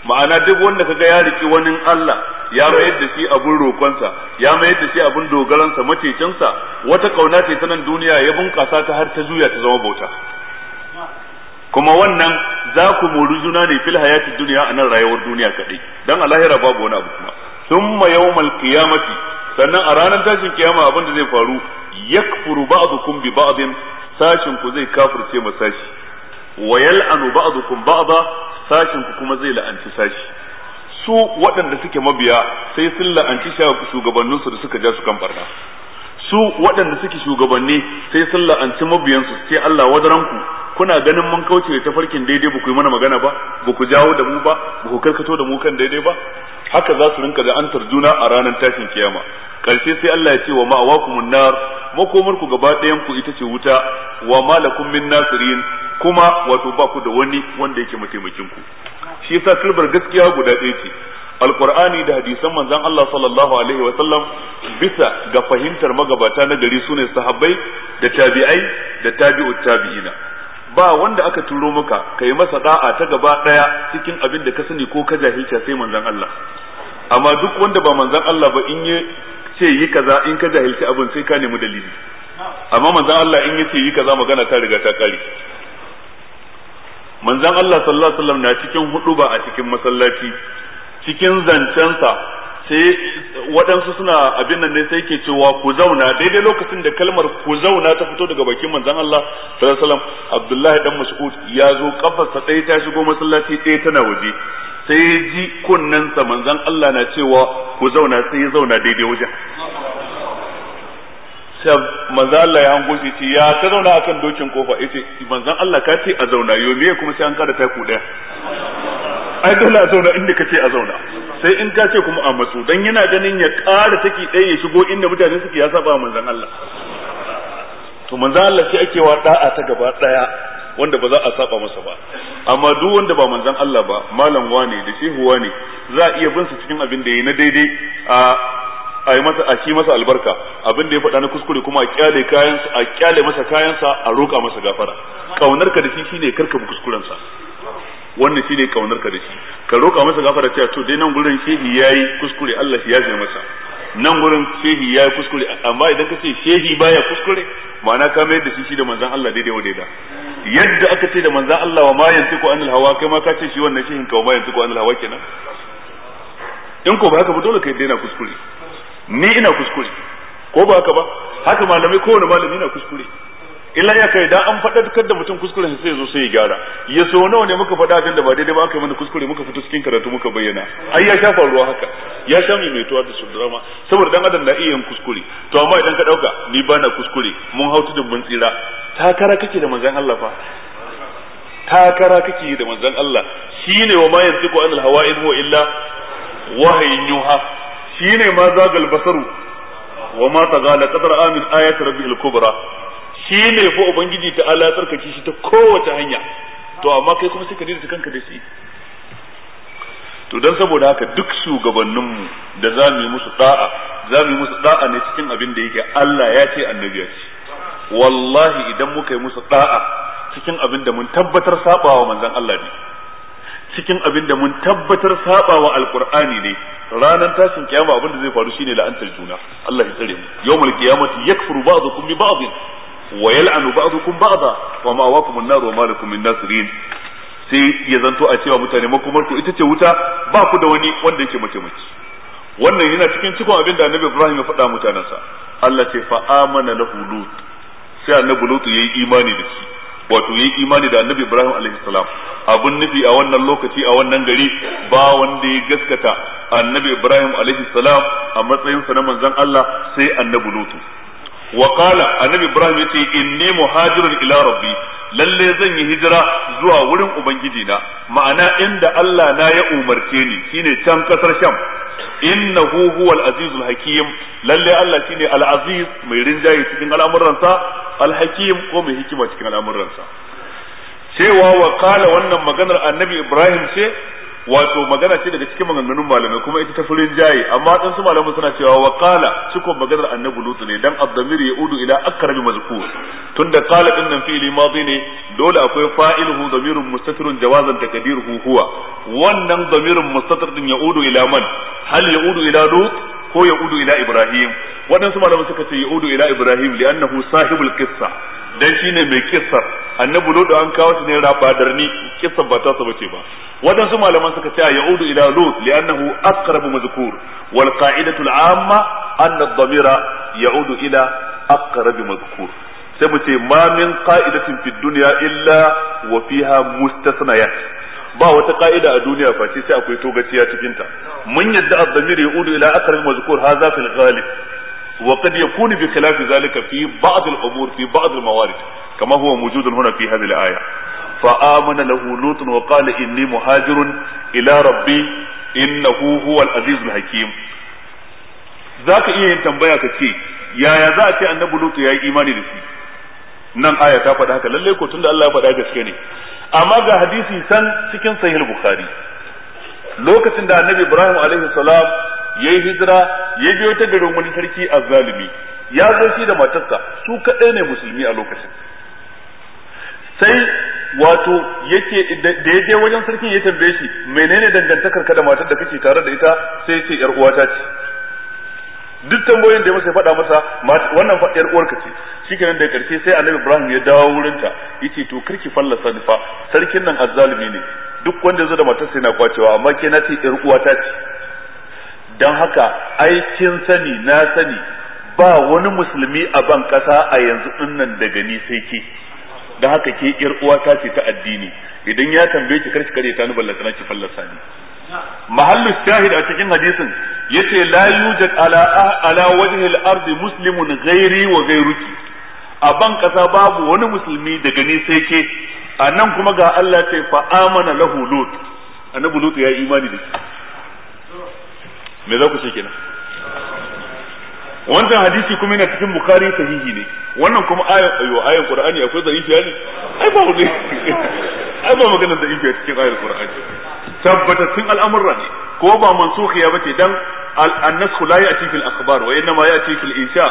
ma'ana duk wanda kaga ya rike wani Allah ya mayar da shi abun roƙonsa ya mayar da shi abun dogaransa matecinsa wata kauna ce ta nan duniya ya bunƙasa ta har ta juya ta zama bauta kuma wannan za ku mori juna ne fil hayati duniya a nan rayuwar duniya kaɗai dan Alahira babu wani abu kuma thumma yawmal qiyamati sannan a ranar tashin kiyama abin da zai faru yakfuru ba'dukum bi ba'din sashin ku zai kafirce ma sashi wa yal'anu ba'dukum ba'da sashin ku kuma zai la'anci sashi su waɗanda suke mabiya sai sun la'anci shugabanninsu da suka ja su kan barna su waɗanda suke shugabanni sai sun la'anci mabiyansu sai Allah wadaranku kuna ganin mun kauce ta farkin daidai ba ku yi mana magana ba ba ku jawo da mu ba ba ku karkato da mu kan daidai ba haka za su rinka da antar juna a ranar tashin kiyama karshe sai Allah ya ce wa ma'awakumun nar makomar ku gaba ɗayan ku ita ce wuta wa malakum min nasirin kuma wato ba ku da wani wanda yake mataimakin ku shi yasa silbar gaskiya guda ɗaya ce alqur'ani da hadisan manzon Allah sallallahu alaihi wa sallam bisa ga fahimtar magabata na gari sune sahabbai da tabi'ai da tabi'ut tabi'ina ba wanda aka turo maka kai masa da'a ta gaba daya cikin abin da ka sani ko ka jahilta sai manzon Allah amma duk wanda ba manzon Allah ba in ya ce yi kaza in ka jahilci abin sai ka nemi dalili amma manzon Allah in yace yi kaza magana ta riga ta kare manzon Allah sallallahu alaihi wasallam na cikin hudu ba a cikin masallaci cikin zancensa sai waɗansu suna abin nan ne sai ke cewa ku zauna daidai lokacin da kalmar ku zauna ta fito daga bakin manzon Allah sallallahu alaihi Abdullahi dan Mas'ud ya zo kafarsa ɗaya ta shigo masallaci ɗaya tana waje sai ya ji kunnensa manzon Allah na cewa ku zauna sai ya zauna daidai wajen sai manzon Allah ya hango shi ce ya ta zauna akan dokin kofa yace manzon Allah ka ce a zauna yo me kuma sai an kada ku ɗaya ai dole a zauna inda kace a zauna sai in ka ce kuma a matsu dan yana ganin ya ƙara take ɗaya ya shigo inda mutane suke ya saba manzon Allah to manzon Allah sai ake wa da'a ta gaba daya wanda ba za a saba masa ba amma duk wanda ba manzan Allah ba malam wane da shehu wane za a iya bin su cikin abin da yayi na daidai a a yi masa a ci masa albarka abin da ya faɗa na kuskure kuma a kyale kayan a kyale masa kayansa a roƙa masa gafara kaunar ka da shi shine karka bi kuskurensa wannan shine kaunar ka da shi ka roka masa gafara cewa to dai nan gurin shehi yayi kuskure Allah shi yaje masa nan gurin shehi yayi kuskure amma idan ka ce shehi baya kuskure ma'ana ka mayar da shi shi da manzon Allah daidai wa da yadda aka ce da manzon Allah wa ma ko anil hawa kai ma ka ce shi wannan shehin ka wa ma ko anil hawa kenan in ko ba haka ba dole kai daina kuskure ni ina kuskure ko ba haka ba haka malamai kowane malami na kuskure illa ya kai da an faɗaɗar da mutum kuskure sai ya zo sai ya gyara ya so nawa ne muka faɗa can da ba daidai ba aka yi mana kuskure muka fito cikin karatu muka bayyana ai ya sha faruwa haka ya sha mai tuwa da su drama saboda dan adam na iya yin kuskure to amma idan ka dauka ni ba na kuskure mun hau tudun mun tsira takara kake da manzon Allah fa takara kake da manzon Allah shine wa ma yantiqu anil hawa in huwa illa wahayin yuha shine ma zagal basaru wa ma tagala qadra amin ayati rabbil kubra shi ne fa ubangiji ta ala tsarkake shi ta kowace hanya to amma kai kuma sai ka daidaita kanka da shi to dan saboda haka duk shugabanninmu da za mu yi musu da'a za mu yi musu da'a ne cikin abin da yake Allah ya ce annabi ya ce wallahi idan muka yi musu da'a cikin abin da mun tabbatar sabawa manzon Allah ne cikin abin da mun tabbatar sabawa alqur'ani ne ranar tashin kiyama abin da zai faru shine la'antar juna Allah ya tsare mu yawmal qiyamati yakfuru ba'dukum bi ba'd wa yal'anu ba'dukum ba'da wa ma'awakum an-nar wa ma lakum min nasirin sai ya zanto a cewa mutane makomarku ita ce wuta ba ku da wani wanda yake mace mace wannan yana cikin cikon abin da Annabi Ibrahim ya faɗa mutanensa Allah ce fa amana lahu lut sai Annabi Lut yayi imani da shi wato yi imani da annabi ibrahim salam abun nufi a wannan lokaci a wannan gari ba wanda ya gaskata annabi ibrahim salam a matsayinsa na manzon allah sai annabi lutu wa annabi ibrahim yace inni muhajirun ila rabbi lalle zan yi hijira zuwa wurin ubangiji na ma'ana inda Allah na ya umarce ni shine can kasar sham innahu huwal azizul hakim lalle Allah shine al aziz mai rinjaye cikin al'amuransa al hakim ko mai hikima cikin al'amuransa cewa wa wannan maganar annabi ibrahim ce wato magana ce daga cikin maganganun malamai kuma ita ta furin jaye amma dan su malamai suna cewa wa qala cikon maganar annabi lutu ne dan abdamir ya udu ila akrami mazkur tunda qala din nan fi'li madi ne dole akwai fa'iluhu damirun mustatirun jawazan takdiruhu huwa wannan damirun mustatir din ya udu ila man hal ya udu ila lut ko ya udu ila ibrahim waɗansu malaman suka ce ya udu ila ibrahim li'annahu sahibul qissa dan shine mai kissar annabi lut an kawo shi ne ni kissar ba ta sa bace ba waɗansu malaman suka ce ya udu ila lut li'annahu aqrabu mazkur wal qa'idatu al amma anna ad-damira ya'udu ila aqrabi mazkur sai mu ce ma min qa'idatin fid dunya illa wa fiha mustasnayat ba wata ka'ida a duniya fa sai akwai togaciya cikin ta mun yadda az-zamir yaudu ila akrar mazkur hadha fil ghalib wa qad yakunu bi khilaf zalika fi ba'd al-umur fi ba'd al-mawarid kama huwa mawjud huna fi hadhihi al-aya fa amana lahu lut wa qala inni muhajirun ila rabbi innahu al-aziz azizul hakim zaka iya yin tambaya ka ce yaya za a ce annabi ya yi imani da shi nan aya ta faɗa haka lalle ko tunda Allah ya faɗa gaske ne amma ga hadisi san cikin sahih bukhari lokacin da annabi ibrahim alaihi salam yayi hijira ya je ta garin wani sarki azzalimi ya zo shi da matarsa su kadai ne musulmi a lokacin sai wato yake da ya je wajen sarkin ya tambaye shi menene dangantakar ka da matar da kake tare da ita sai ce yar uwata ce duk tambayoyin da ya masa faɗa masa wannan fa yar uwarka ce shikenan da karshe sai annabi ibrahim ya dawo wurinta yace to karki fallasa ni fa sarkin nan azzalimi ne duk wanda zo da matarsa na kwacewa amma ke na ce yar uwata ce dan haka aikin sani na sani ba wani musulmi a ban kasa a yanzu dinnan daga ni sai ke dan haka ke yar uwata ce ta addini idan ya tambaye ki karki kare ta ni ballata ki fallasa ni mahallu shahid a cikin hadisin yace la yujad ala ala wajhi al-ardi muslimun ghairi wa ghairuki a ban kasa babu wani musulmi daga ni sai ke a nan kuma ga Allah ce fa amana lahu lut annabi lut ya yi imani da me za ku ce kenan wannan hadisi kuma yana cikin bukhari sahihi ne wannan kuma ayan ayo ayan qur'ani akwai zaifiya ne ai ba wani ai ba maganar zaifiya cikin ayan qur'ani sun al'amurra ne ko ba mansukhiya bace dan an-nasakh la ya'ti fil akhbar wa ma ya'ti fil insha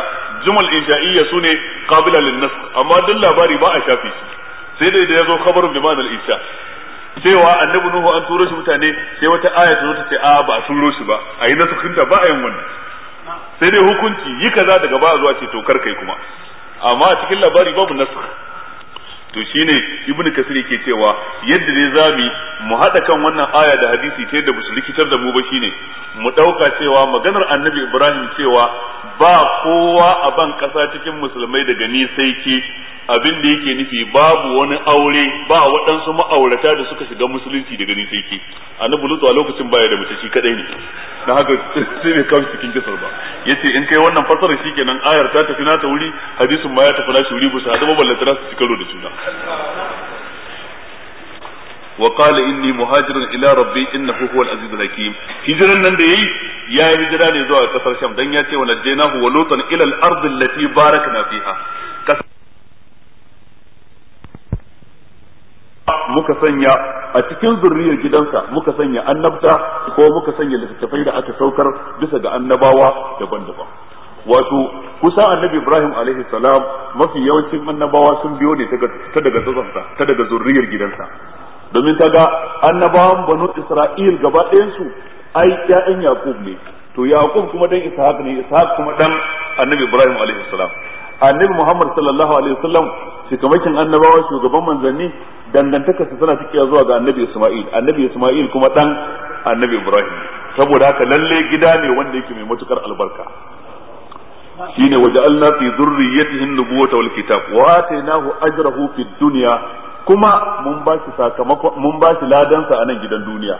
jumal insha'iyya sune qabila lin-nasakh amma duk labari ba a shafi sai dai da yazo khabaru bi ma'anal insha cewa annabi nuhu an turo shi mutane sai wata aya ta zo ta ce a ba sun turo shi ba ayi yi nasakhin ta ba a yin wannan sai dai hukunci yi kaza daga ba zuwa ce to kai kuma amma a cikin labari babu nasakh to shine ibnu kasir yake cewa yadda ne zamu mu hada kan wannan aya da hadisi ta yadda su likitar da mu ba shine mu dauka cewa maganar annabi ibrahim cewa ba kowa a ban kasa cikin musulmai daga ni sai ke abin da yake nufi babu wani aure ba waɗansu ma'aurata da suka shiga musulunci da gani sai ke annabi lutu a lokacin baya da mace shi kadai ne na haka [LAUGHS] sai bai kawo cikin kisar ba yace in kai wannan fasara shikenan ayar ta tafi na ta wuri hadisin ma ya tafi na shi wuri bisa hada maballata su ci da juna wa qala inni muhajirun ila rabbi innahu huwal azizul hakim hijran nan da yayi ya hijira ne zuwa kasar sham dan ya ce wa najjaynahu wa lutan ila al-ardi allati barakna fiha muka sanya a cikin zurriyar gidansa muka sanya annabta ko muka sanya littattafai da aka saukar bisa ga annabawa daban-daban wato kusa annabi ibrahim alaihi salam mafi yawancin annabawa sun biyo ne ta daga ta daga zurriyar gidansa domin ta ga annabawan banu isra'il gaba ɗayansu ai ya'yan yaqub ne to yaqub kuma dan ishaq ne ishaq kuma dan annabi ibrahim alaihi salam annabi muhammad sallallahu alaihi wasallam cikamakin annabawa shugaban manzanni dangantaka su tana cikiya zuwa ga annabi Isma'il annabi Isma'il kuma dan annabi Ibrahim saboda haka lalle gida ne wanda yake mai matukar albarka shine waja'alna fi zurriyatihi an-nubuwata wal kitab wa atainahu ajrahu fid dunya kuma mun ba shi sakamako mun ba shi ladansa a nan gidan duniya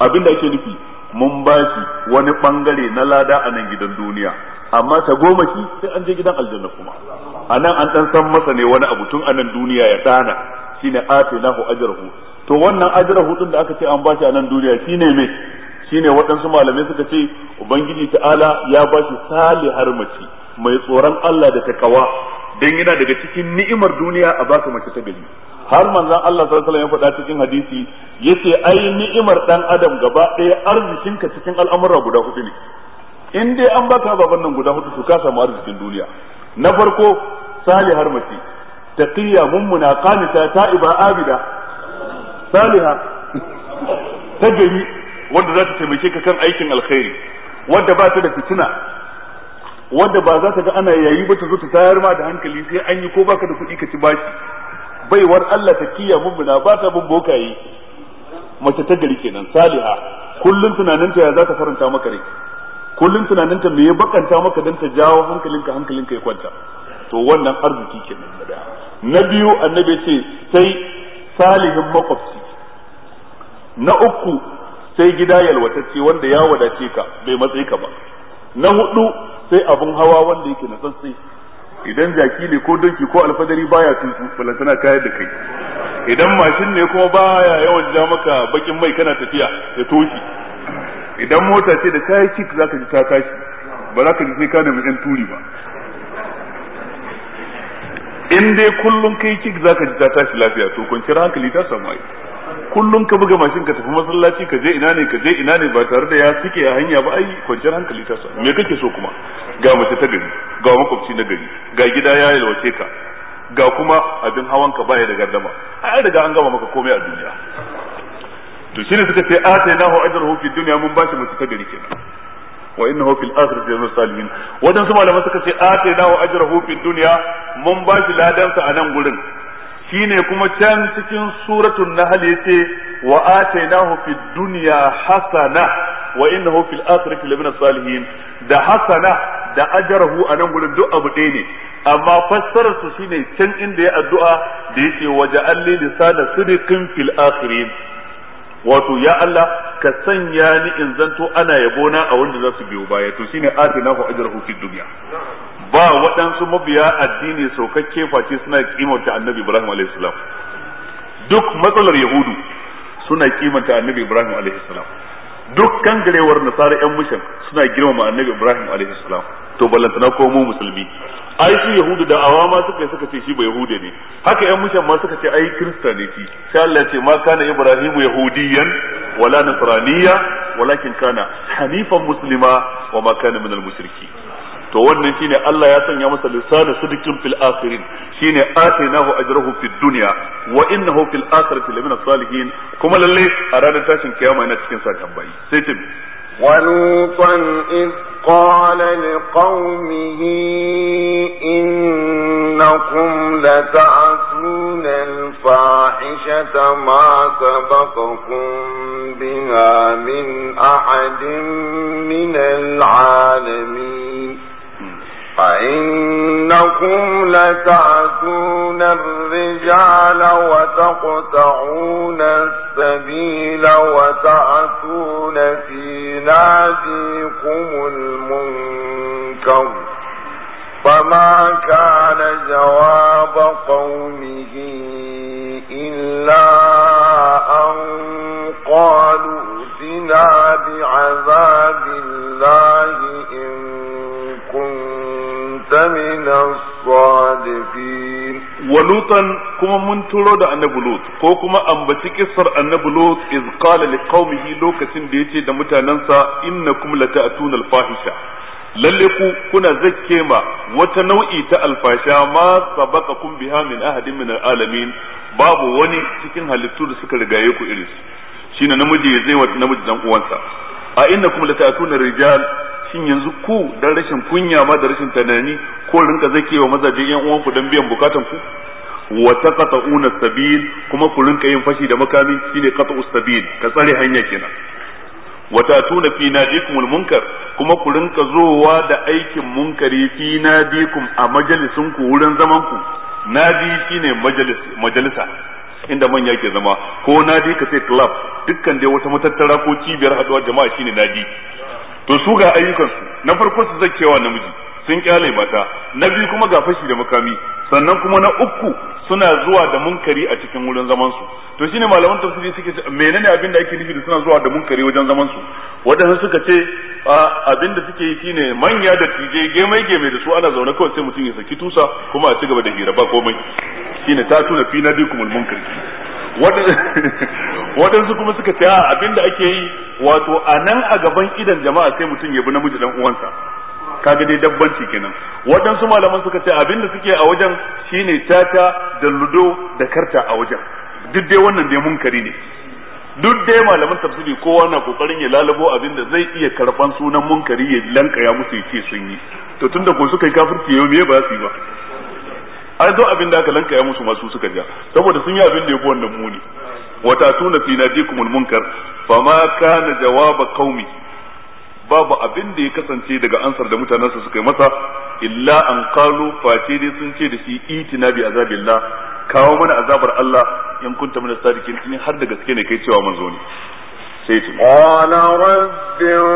abinda ake nufi mun ba shi wani bangare na lada a nan gidan duniya amma ta goma shi sai an je gidan aljanna kuma anan an dan san masa ne wani abu tun anan duniya ya dana shine atinahu ajrahu to wannan ajrahu din da aka ce an bashi anan duniya shine me shine waɗansu malamai suka ce ubangiji ta'ala ya bashi salihar mace mai tsoron Allah da takawa dan yana daga cikin ni'imar duniya a baka mace ta gari har manzon Allah sallallahu alaihi wasallam ya faɗa cikin hadisi yace ai ni'imar dan adam gaba ɗaya arzikinka cikin al'amura guda hudu ne in dai an baka baban nan guda hudu to ka samu arzikin duniya na farko salihar mace taqiyya mummuna qanita ta'iba abida saliha ta gari wanda za ta taimake ka kan aikin alkhairi wanda ba ta da fitina wanda ba za ta ga ana yayi ba ta zo ta tayar ma da hankali sai an yi ko baka da kuɗi ka ci bashi baiwar Allah ta kiya mummuna ba ta bin bokaye mace ta gari kenan saliha kullun ta ya za ta faranta maka rai kullun ta me ya bakanta maka dan ta jawo hankalinka hankalinka ya kwanta to wannan arziki ke nan da na biyu annabi ce sai salihin makwabci na uku sai gida yalwatacce wanda ya wadace ka bai matsayi ka ba na hudu sai abun hawa wanda yake na sassai. idan jaki ne ko Donki ko alfadari baya tutu balantana kayar da kai idan mashin ne kuma baya yawan ja maka bakin mai kana tafiya ya toshi idan mota ce da kayan cik zaka ji ta tashi ba za ka ji sai ka nemi yan turi ba in dai kullum kai kik zaka ji ta tashi lafiya to kwanciyar hankali ta samu ai kullum ka buga mashin ka tafi masallaci ka je ina ne ka je ina ne ba tare da ya suke a hanya ba ai kwanciyar hankali ta samu me kake so kuma ga mace ta gari ga makwabci na gari ga gida ya yalwace ka ga kuma abin hawan ka baya da gardama ai daga an gama maka komai a duniya to shine suka ce hu ajruhu fi dunya mun bashi mace ta gari kenan wa innahu fil akhirati lamin salihin su malaman suka ce wa ajrahu fid dunya mun ba shi ladansa a nan gurin shine kuma can cikin suratul nahl yace wa atainahu fid dunya hasana wa innahu fil akhirati lamin salihin da hasana da ajrahu a nan gurin duk abu ɗaya ne amma fassarar su shine can inda ya addu'a da yake waja'alli lisana sidiqin fil akhirin wato ya Allah ka sanya ni in zanto ana yabo na a wanda zasu biyo baya to shine ku ajrahu fi dunya ba waɗansu mabiya addini saukakke face suna kimanta annabi Ibrahim alaihi salam duk matsalar yahudu suna kimanta annabi Ibrahim alaihi salam duk kangarewar nasara yan mushan suna girmama annabi Ibrahim alaihi salam to ballantana ko mu musulmi ai su yahudu da awama suka suka ce shi ba yahude ne haka yan mushan ma suka ce ai kirista ne shi sai Allah ce ma kana yahudiyan wala nasraniya walakin kana hanifan muslima wa ma kana minal mushriki to wannan shine Allah ya sanya masa lisanu sidikin fil akhirin shine atainahu ajrahu fid dunya wa innahu fil akhirati lamina salihin kuma lalle a ranar tashin kiyama yana cikin sakan bayi sai tabi ولوطا إذ قال لقومه إنكم لتعتون الفاحشة ما سبقكم بها من أحد من العالمين أئنكم لتعتون تأتون الرجال وتقطعون السبيل وتأتون في ناديكم المنكر فما كان جواب قومه إلا أن قالوا ائتنا بعذاب الله إن كنت من الصالحين الصادقين kuma كما من ترود النبي ko kuma ambaci kissar annabi lut iz qala lokacin da yace da mutanansa innakum lata'tuna al-fahisha lalle ku kuna zakke ma wata nau'i ta alfasha ma sabaqakum biha min ahadin min alamin babu wani cikin halittu da suka rigaye ku irin shine namiji zai wata namiji dan uwansa a innakum lata'tuna rijal shin yanzu ku dan rashin kunya ma da rashin tanani ko rinka zake wa mazaje yan uwan ku dan biyan bukatan ku wa taqatuna sabil kuma ku rinka yin fashi da makami shine qatu sabil ka tsare hanya kenan wa tatuna fi nadikumul munkar kuma ku rinka zowa da aikin munkari fi nadikum a majalisin ku wurin zaman ku nadi shine majalis majalisa inda manya ke zama ko nadi ka ce club dukkan dai wata matattara ko cibiyar haduwa jama'a shine nadi to su ga ayyukansu na farko su zakewa namiji sun kyale mata na biyu kuma ga fashi da makami sannan kuma na uku suna zuwa da munkari a cikin wurin zaman su to shine malaman tafsiri suke menene abin da ake nufi da suna zuwa da munkari wajen zaman su wadanda suka ce abin da suke yi shine manya da tije gemai geme da su ana zaune kawai sai mutum ya saki tusa kuma a ci gaba da hira ba komai shine ta tuna fi na bikumul munkari waɗansu [LAUGHS] kuma suka ce abinda ake yi wato a nan a gaban idan jama'a sai mutum ya bi namiji dan uwansa kaga dai dabbanci kenan waɗansu malaman suka ce abin da suke a wajen shine tata da ludo da karta a wajen duk dai wannan dai munkari ne duk dai malaman tafsiri kowa na kokarin ya lalabo abin da zai iya karban sunan munkari ya lankaya musu ya ce sun yi to tunda ko suka yi kafirci yau me ba su yi ba ai zo abin da aka lanka ya musu masu suka ja saboda sun yi abin da ya fi wannan muni wa tuna fi nadikumul munkar ma kana jawaba qaumi babu abin da ya kasance daga ansar da mutanensa suka yi masa illa an qalu face dai sun ce da shi itina bi azabillah kawo mana azabar Allah in kunta min sadiqin in har da gaske ne kai cewa zo ne sai ce qala rabbin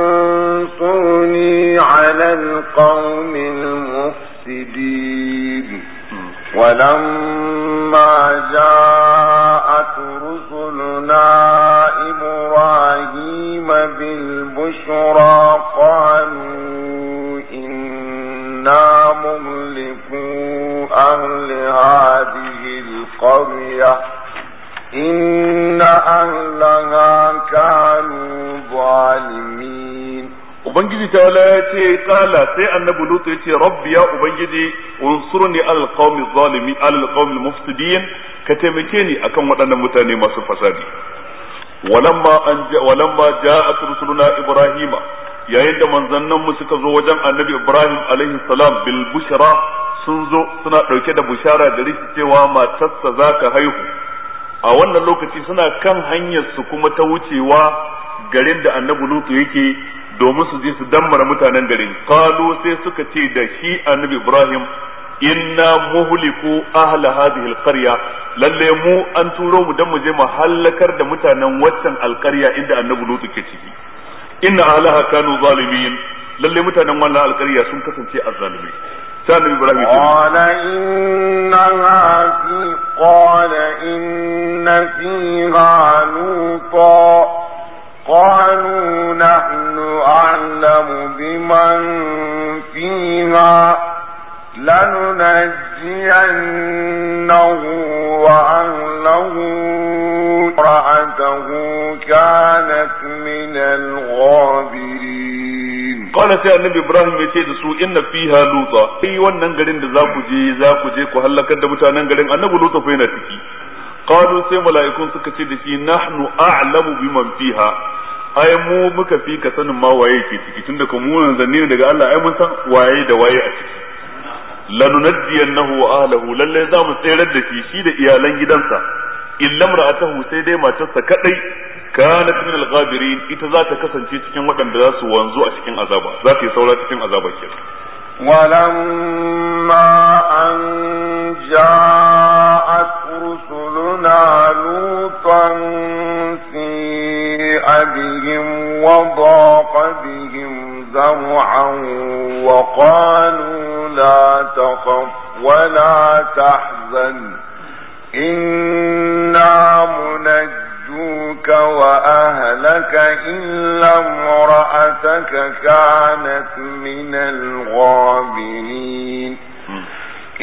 ولما جاءت رسلنا إبراهيم بالبشرى قالوا إنا مملكو أهل هذه القرية إن أهلها كانوا ظالمين ubangiji ta wala ya ce kala sai annabi lutu ya ce rabbi ya ubangiji unsurni alal qaumi zalimi alal qaumi mufsidin ka taimake ni akan waɗannan mutane masu fasadi walamma an walamma ja'at rusuluna ibrahima yayin da manzannan mu suka zo wajen annabi ibrahim alaihi salam bil bushra sun zo suna dauke da bushara da rishi cewa matarsa zaka haihu a wannan lokaci suna kan hanyar su kuma ta wucewa garin da annabi lutu yake domin su je su dammara mutanen garin qalu sai suka ce da shi annabi ibrahim inna muhliku ahla hadhihi alqarya lalle mu an turo mu dan mu je mu halakar da mutanen waccan alqarya inda annabi lutu ke ciki inna ahliha kanu zalimin lalle mutanen wannan alqarya sun kasance azzalimi sai annabi ibrahim ya qala inna fi qala inna fiha قالوا نحن أعلم بمن فيها da su inna fiha luta sai wannan garin da za ku je za ku je ku halakar da mutanen garin annabi luta fa yana ciki qalu sai mala'ikun suka ce da shi nahnu a'lamu biman fiha ai mu muka fi ka sanin ma waye ke ciki da kuma mun zanni ne daga Allah ai mun san waye da waye a ciki lanunajjiyannahu wa ahlihi lalle za mu tsayar da shi shi da iyalan gidansa illam ra'atahu sai dai matarsa kadai kanat min al-ghabirin ita za ta kasance cikin waɗanda za su wanzu a cikin azaba za ta yi saura cikin azaba kenan ma an ja. لوطا سيء بهم وضاق بهم زرعا وقالوا لا تخف ولا تحزن إنا منجوك وأهلك إلا امرأتك كانت من الغابرين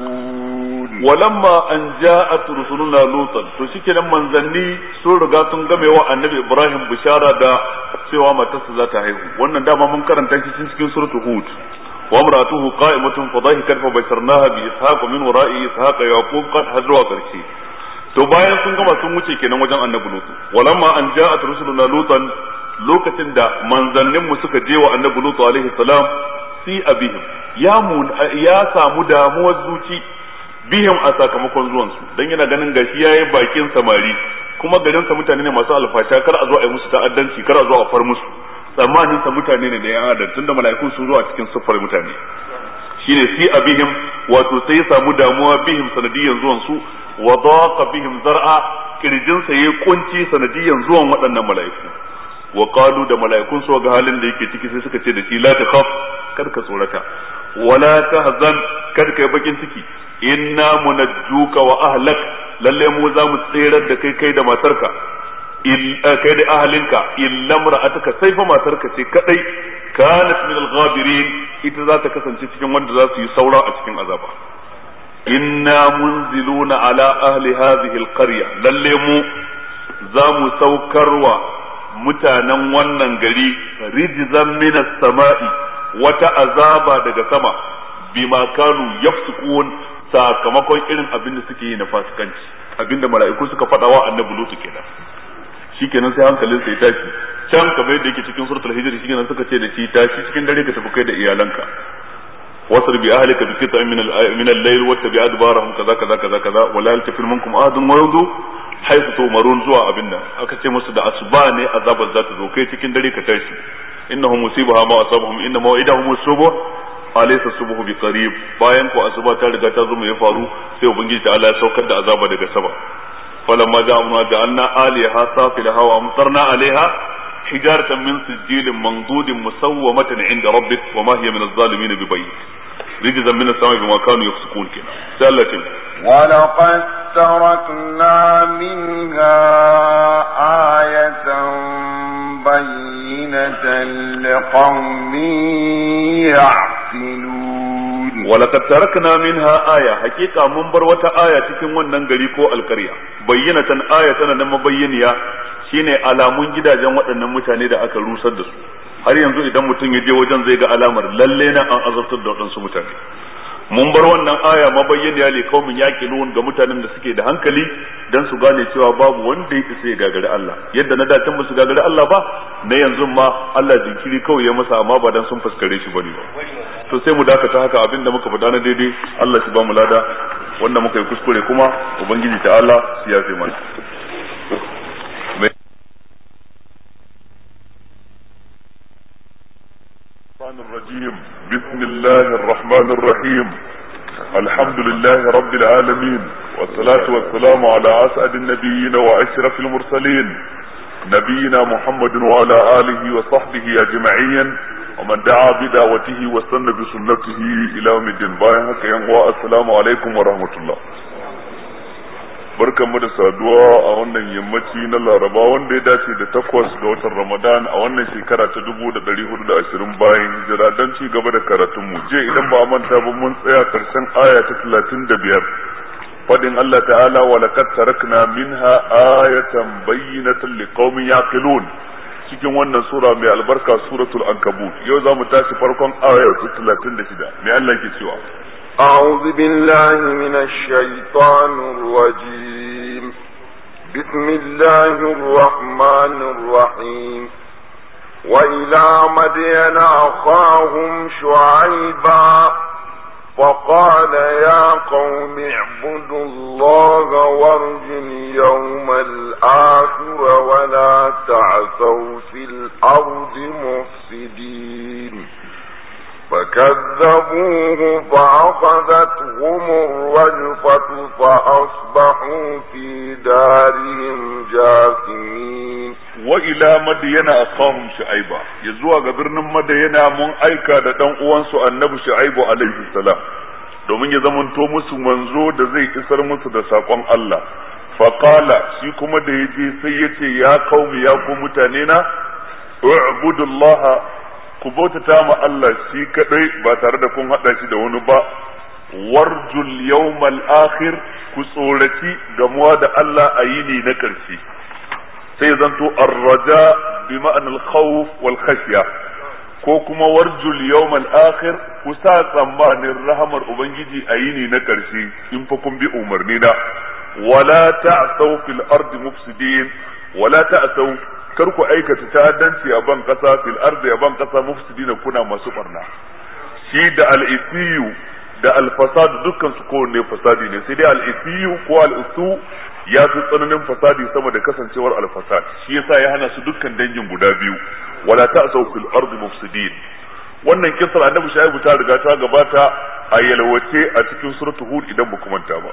يشركون ولما أن جاءت رسلنا لوطا فشكنا من ذني سورة sun game wa annabi Ibrahim bishara da cewa matarsa za ta haihu wannan dama mun karanta shi cikin suratul hud wa imratuhu qa'imatun fa dhahikat fa basharnaha bi ishaq min wara'i ishaq yaqub qad hazwa karshi to bayan sun gama sun wuce kenan wajen annabi lutu walamma an ja'at rusuluna lutan lokacin da manzannin suka je wa annabi lutu alaihi salam si abihim ya samu damuwar zuci bihim a sakamakon zuwansu dan yana ganin gashi yayi bakin samari kuma garin garinsa mutane ne masu alfasha kar a zo a yi musu ta'addanci kar a zo a far musu tsammanin sa mutane ne da ya adar tunda mala'iku sun zuwa cikin siffar mutane shine fi abihim wato sai ya samu damuwa bihim sanadiyan zuwan su wa daqa bihim zar'a kirjin sa yayi kunci sanadiyan zuwan waɗannan mala'iku wa qalu da mala'ikun su ga halin da yake ciki sai suka ce da shi la ta kar ka tsorata wala tahzan kada kai bakin ciki inna munajjuka wa ahlak lalle mu za mu tsirar da kai kai da matarka eh, kai da ahalinka illa mar'ataka sai fa matarka ce kadai kanat min al-ghabirin ita za ta kasance cikin wanda za su yi saura a cikin azaba inna munziluna ala ahli hadhihi al-qarya lalle mu za mu saukarwa mutanen wannan gari rijzan min samai wata azaba daga sama ma kanu yafsukun sakamakon irin abin da suke yi na fasikanci abin da mala'iku suka faɗa wa annabi lutu kenan shikenan sai hankalin sai tashi can kamar yadda yake cikin suratul hijr shikenan suka ce da shi tashi cikin dare ka tafi kai da iyalanka wasar bi ahlika bi qita'in min al-min al-layl wa tabi adbarahum kaza kaza kaza kaza wa la tafil minkum ahadun wa yudu haythu tumarun zuwa abin aka ce musu da asuba ne azabar za ta zo kai cikin dare ka tashi innahum musibaha ma asabahum inna maw'idahum as-subh alaysa as-subh biqarib bayan ko asuba ta riga ta zo mai faru sai ubangiji ta Allah ya saukar da azaba daga sama falamma ja'alna ja'alna aliha safilaha wa amtarna alaiha hijaratan min sijilin mandudin musawwamatan inda rabbik wa ma hiya min adh-dhalimin رجزا من السماء بما كانوا يفسقون كنا kenan sai ولقد تركنا منها آية بينة لقوم يعقلون ولقد تركنا منها آية حقيقة منبر وتا آية تكون ونن غريكو القرية بينة آية تنا نما بينيا shine alamun gidajen waɗannan mutane da aka rusar da su har yanzu idan mutum ya je wajen zai ga alamar lalle na an azabtar da waɗansu mutane mun bar wannan aya ma bayyana ya li yaƙi yaqilun ga mutanen da suke da hankali dan su gane cewa babu wanda yake sai gagari Allah yadda na da musu ba gagari Allah ba na yanzu ma Allah jinkiri kawai ya masa amma ba dan sun fuskare shi bane to sai mu dakata haka abin da muka faɗa na daidai Allah shi ba mu lada wanda muka yi kuskure kuma ubangiji ta'ala ya fi mana الشيطان الرجيم بسم الله الرحمن الرحيم الحمد لله رب العالمين والصلاة والسلام على أسعد النبيين وأشرف المرسلين نبينا محمد وعلى آله وصحبه أجمعين ومن دعا بدعوته وسن بسنته إلى يوم الدين السلام عليكم ورحمة الله barkan mu da saduwa a wannan yammaci na laraba wanda ya dace da takwas ga watan ramadan a wannan shekara ta dubu da dari hudu da ashirin bayan hijira don ci gaba da karatunmu je idan ba a manta ba mun tsaya karshen aya ta talatin da biyar fadin allah ta'ala wa laqad tarakna minha ayatan bayyinatan liqaumin yaqilun cikin wannan sura mai albarka suratul ankabut yau za mu tashi farkon aya ta talatin da shida mai allah ke cewa أعوذ بالله من الشيطان الرجيم بسم الله الرحمن الرحيم وإلى مدين أخاهم شعيبا فقال يا قوم اعبدوا الله وارجوا اليوم الآخر ولا تعثوا في الأرض مفسدين فكذبوه فأخذتهم الرجفة فأصبحوا في دارهم جاثمين وإلى مدين أخاهم شعيبا يزوى قبرنا مدين من أيكا دان أوانسو النبي شعيب عليه السلام domin ya zamanto musu manzo da zai isar musu da saƙon Allah faƙala shi kuma da ya je sai ya ce ya kaumi ya ku mutane na ku bautata ma Allah shi kadai ba tare da kun hada shi da wani ba warjul yawmal akhir ku tsoraci gamuwa da Allah a yini na karshe sai zanto arraja bi ma'anar khawf wal khashya ko kuma warjul yawmal akhir ku sa tsammanin rahamar ubangiji a yini na karshe in fa kun bi umarni na wala ta'thaw fil ardi mufsidin wala ta'thaw kar ku aikata ta'addanci a ban kasa fil ardi ya ban kasa mufsidina kuna masu barna shi da al-isiyu da al-fasad dukkan su ne fasadi ne sai dai al-isiyu ko al-usu ya fi tsananin fasadi sama da kasancewar al-fasad shi yasa ya hana su dukkan dangin guda biyu wala ta'sau fil ardi mufsidin wannan kisar annabi shaibu ta riga ta gabata a yalwace a cikin suratu hud idan ba manta ba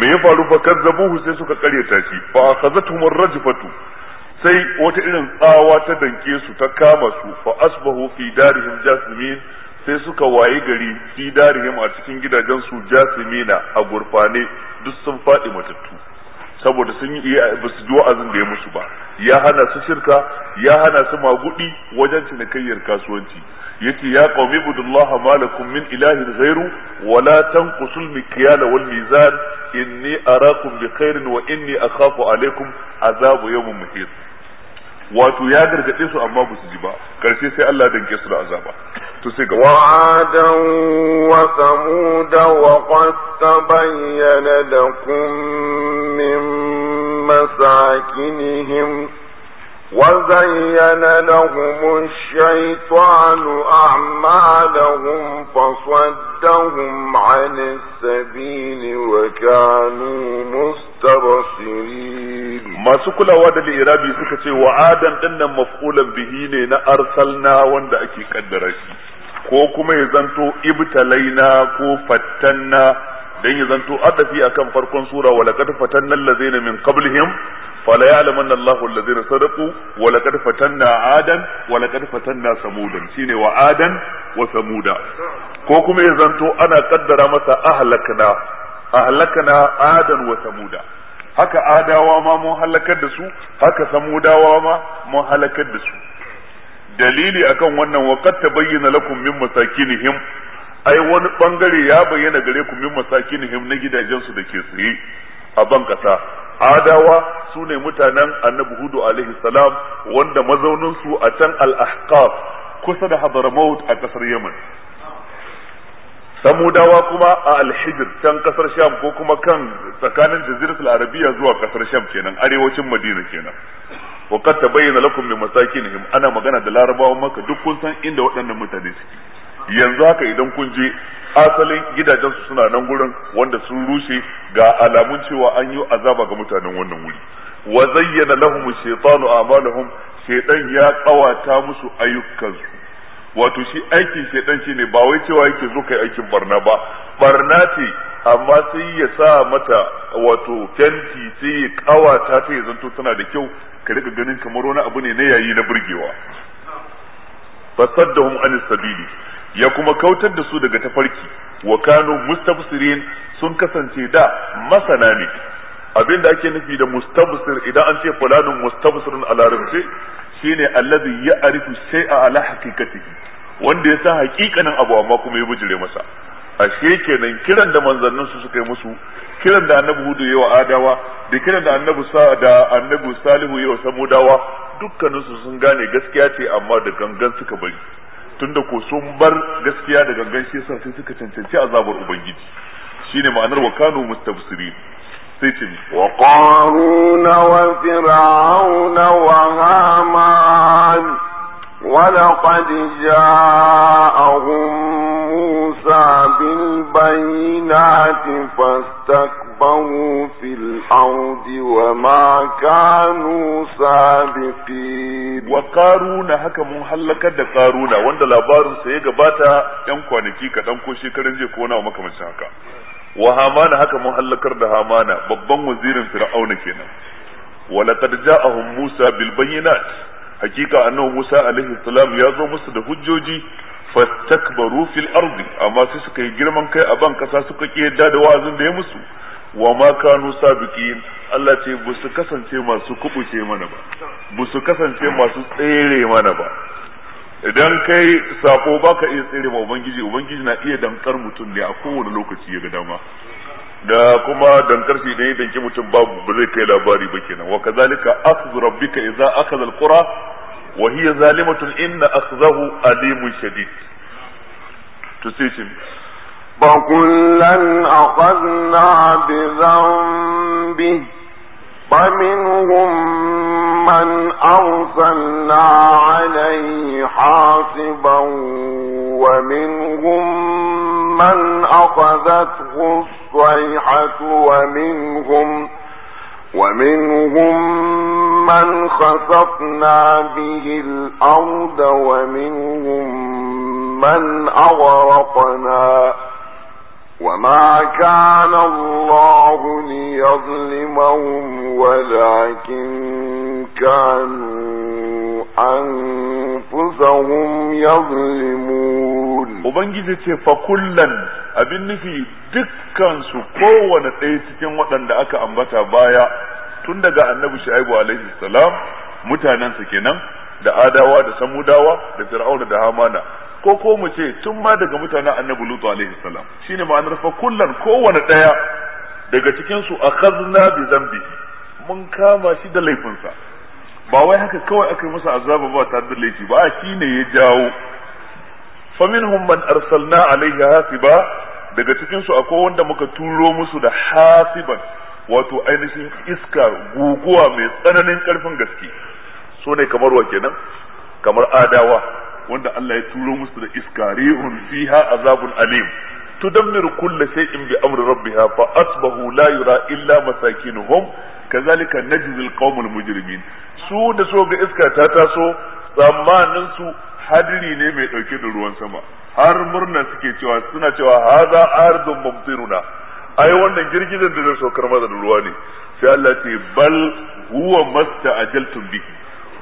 me ya faru fa kazzabuhu sai suka karyata shi fa akhazatuhum ar-rajfatu sai wata irin tsawa ta danke su ta kama su fa asbahu fi darihim jasmin sai suka wayi gari fi darihim a cikin gidajen su jasmina a gurfane duk sun fadi matattu saboda sun yi ba su ji wa'azin da ya musu ba ya hana su shirka ya hana su magudi wajen cinikayyar kasuwanci yace ya qawmi budullaha malakum min ilahin ghairu wala tanqusul mikyala wal mizan inni arakum bi khairin wa inni akhafu alaykum azabu yawmin muhit wato ya gargade su amma ba su ji ba karshe sai Allah danke su da azaba to sai ga wa'adan wa samud wa qad tabayyana lakum min masakinihim وزين لهم الشيطان أعمالهم فصدهم عن السبيل وكانوا مستبصرين ما سكلا ود لإرابي سكتي وعادا أن مفعولا بهيني نأرسلنا أرسلنا وند أكي قدرك كوكما يزنتو ابتلينا zanto ibtalaina dan ya zanto adafi akan farkon sura wa laqad fatanna allazina min qablihim fala ya'lamanna Allahu allazina sadaqu wa laqad fatanna adan wa laqad fatanna samudan shine wa adan wa samuda ko kuma ya zanto ana kaddara masa ahlakna ahlakna adan wa samuda haka adawa ma mun halakar da su haka samudawa ma mun halakar da su dalili akan wannan wa qad tabayyana lakum min masakinihim ai wani bangare ya bayyana gare ku min him na gidajensu da ke tsaye a ban kasa adawa su ne mutanen annabi hudu alaihi salam wanda mazauninsu a can al-ahqaf kusa da hadramaut a kasar yaman samudawa kuma a al alhijir can kasar sham ko kuma kan tsakanin jaziratul arabiya zuwa kasar sham kenan arewacin madina kenan wa qad tabayyana lakum min masakinihim ana magana da larabawa maka duk kun san inda waɗannan mutane suke yanzu haka idan kun je asalin gidajen su suna nan gurin wanda sun rushe ga alamun cewa an yi azaba ga mutanen wannan wuri wa zayyana lahum shaytanu a'malahum shaytan ya kawata musu ayyukansu wato shi aikin shaytan shine ba wai cewa yake zo kai aikin barna ba barna ce amma sai ya sa mata wato fenti sai ya kawata ta ya zanto tana da kyau ka riga ganin kamar wani abu ne na yayi na burgewa fasaddahum anis sabili ya kuma kautar da su daga tafarki wa kanu mustabsirin sun kasance da masana ne abinda ake nufi da mustabsir idan an ce fulanun mustafsirun a shi shine allazi ya arifu a ala haqiqatihi wanda ya san hakikanin abu amma kuma ya bujire masa ashe kenan kiran da manzannin su suka yi musu kiran da annabi hudu yawa adawa da kiran da annabi sa da annabi salihu yawa wa samudawa dukkanin su sun gane gaskiya ce amma da gangan suka bari tunda ko sun bar gaskiya da gangan shi yasa sai suka cancanci azabar ubangiji shine ma'anar wa kanu mustafsiri sai ce wa qaruna wa fir'auna wa haman ولقد جاءهم موسى بالبينات فاستكبروا في الأرض وما كانوا سابقين وقارون هكا محلقة دا قارون وند لابار سيجا باتا ينكو نكيكا تنكو شكرا جيكونا ومكا من شاكا وهامان هكا محلقة دا هامانا ببان وزير فرعون كينا ولقد جاءهم موسى بالبينات hakika annabi Musa alaihi salam ya zo musu da hujjoji fastakbaru fil ardi amma sai suka yi girman kai a ban kasa suka ki yadda da wa'azin da ya musu wa ma kanu sabiqin Allah ce bu su kasance masu kubuce mana ba bu su kasance masu tsere mana ba idan kai sako baka iya tsere ma ubangiji ubangiji na iya dankar mutum ne a kowane lokaci ya ga dama da kuma dankar shi idan ya danki mutum babu ba zai kai labari ba kenan wa kazalika akhzu rabbika idza akhadha alqura Wahi ya zali mutum in na akazahu a dibu shadi. Tu siya Ba kullan a ƙwararren Zambi, ba min man ausan na an yi haɗi wa min man aƙwadar huswai haɗuwa min gum. ومنهم من خسفنا به الأرض ومنهم من أغرقنا وما كان الله ليظلمهم ولكن كانوا أنفسهم يظلمون Mm. ubangiji ce fa abin nufi dukkan su kowane ɗaya cikin waɗanda aka ambata baya tun daga annabi shaibu alaihi salam mutanensa kenan da adawa da samudawa da fir'auna da hamana ko ko mu ce tun ma daga mutanen annabi lutu alaihi salam shine ma'anar fa kullan kowane ɗaya daga cikin su akhadna bi zambi mun kama shi da laifinsa ba wai haka kawai aka yi masa azaba ba tare da laifi ba shine ya jawo faminhum man arsalna alaihi hasiba daga cikin su akwai wanda muka turo musu da hasiban wato ainihin iska guguwa mai tsananin karfin gaske so ne kamar wa kenan kamar adawa wanda Allah ya turo musu da iska rihun fiha azabun alim tudammir sai shay'in bi amri rabbiha fa asbahu la yura illa masakinuhum kazalika najzil qaumul mujrimin su da so ga iska ta taso tsammanin su hadiri ne mai ɗauke da ruwan sama har murna suke cewa suna cewa haza ardun mumtiruna ai wannan girgizan da zai saukar masa da ruwa ne sai Allah ce bal huwa masta ajaltum bi.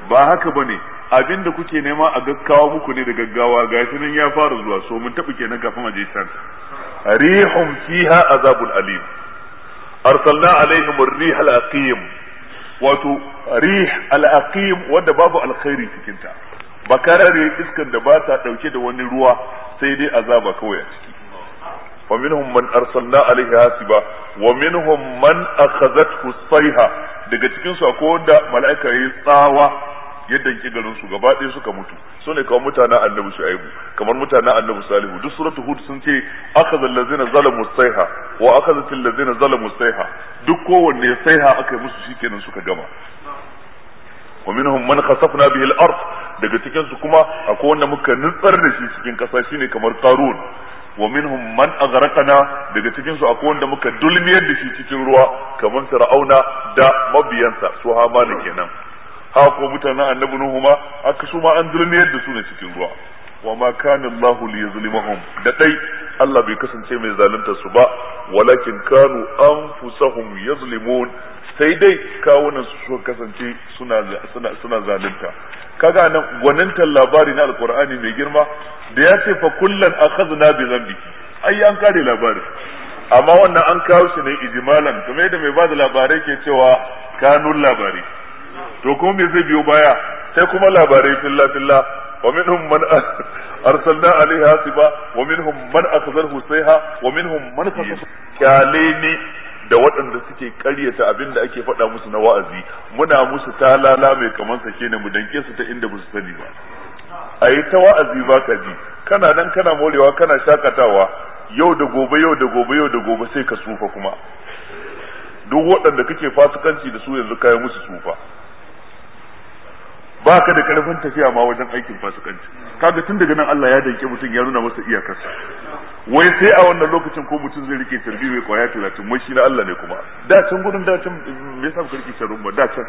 ba haka bane abinda kuke nema a gaggawa muku ne da gaggawa shi nan ya fara zuwa so mun tafi kenan kafin a je can rihum fiha azabul alim arsalna alaihim ar-rih al-aqim wato rih al-aqim wanda babu alkhairi cikin ta ba karare iskan da ba ta dauke da wani ruwa sai dai azaba kawai a ciki wa minhum man arsalna alaihi hasiba wa minhum man akhazathu sayha daga cikin su akwai wanda mala'ika yayin tsawa yadda ke garin su gaba ɗaya suka mutu su ne kawai mutanen annabi shu'aibu kamar mutanen annabi salihu duk suratul hud sun ce akhadha allazina zalamu sayha wa akhadhat allazina zalamu sayha duk kowanne sayha aka yi musu shikenan suka gama wa minhum man khasafna bihi al-ard daga cikin su kuma akwai wanda muka nutsar da shi cikin kasa shine kamar qarun wa minhum man aghraqna daga cikin su akwai wanda muka dulmiyar da shi cikin ruwa kamar fir'auna da mabiyansa su hamana kenan Ha ko mutanen annabi ma aka su ma an dulmiyar da su ne cikin ruwa wa ma kana Allahu li yuzlimahum da dai Allah bai kasance mai zalunta su ba walakin kanu anfusahum yuzlimun sai dai kawunan su so kasance suna suna zalunta kaga nan gwanintan labari na alƙur'ani mai girma da ya ce fa kullan akhadna bi biki ai an kare labarin amma wannan an kawo shi ne ijimalan kuma da mai bada labarai ke cewa kanun labari to kuma me zai biyo baya sai kuma labarai filla filla wa minhum man arsalna alaiha siba wa minhum man akhadhahu sayha wa minhum man kyale ne. da waɗanda suke karyata abin da ake faɗa musu na wa'azi muna musu talala mai kamar sake ne mu danke su ta inda musu sani ba a yi ta wa'azi ba ka ji kana nan kana morewa kana shakatawa yau da gobe yau da gobe yau da gobe sai ka tsufa kuma duk waɗanda kake fasikanci da su yanzu kayan musu tsufa ba ka da karfin tafiya ma wajen aikin fasikanci kaga tun daga nan Allah ya danke mutum ya nuna masa iyakarsa wai sai a wannan lokacin ko mutum zai rike tarbi mai kwaya talatin mai shi na Allah ne kuma da can gudun da can me yasa ka rike ba da can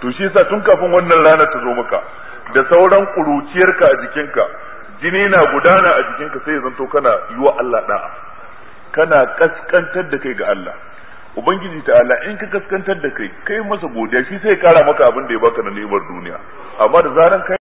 to shi yasa tun kafin wannan rana ta zo maka da sauran kuruciyarka a jikinka jini na gudana a jikinka sai ya zanto kana yiwa Allah da'a kana kaskantar da kai ga Allah ubangiji ta'ala in ka kaskantar da kai kai masa godiya shi sai ya kara maka abin da ya baka na ni'imar duniya amma da zaran kai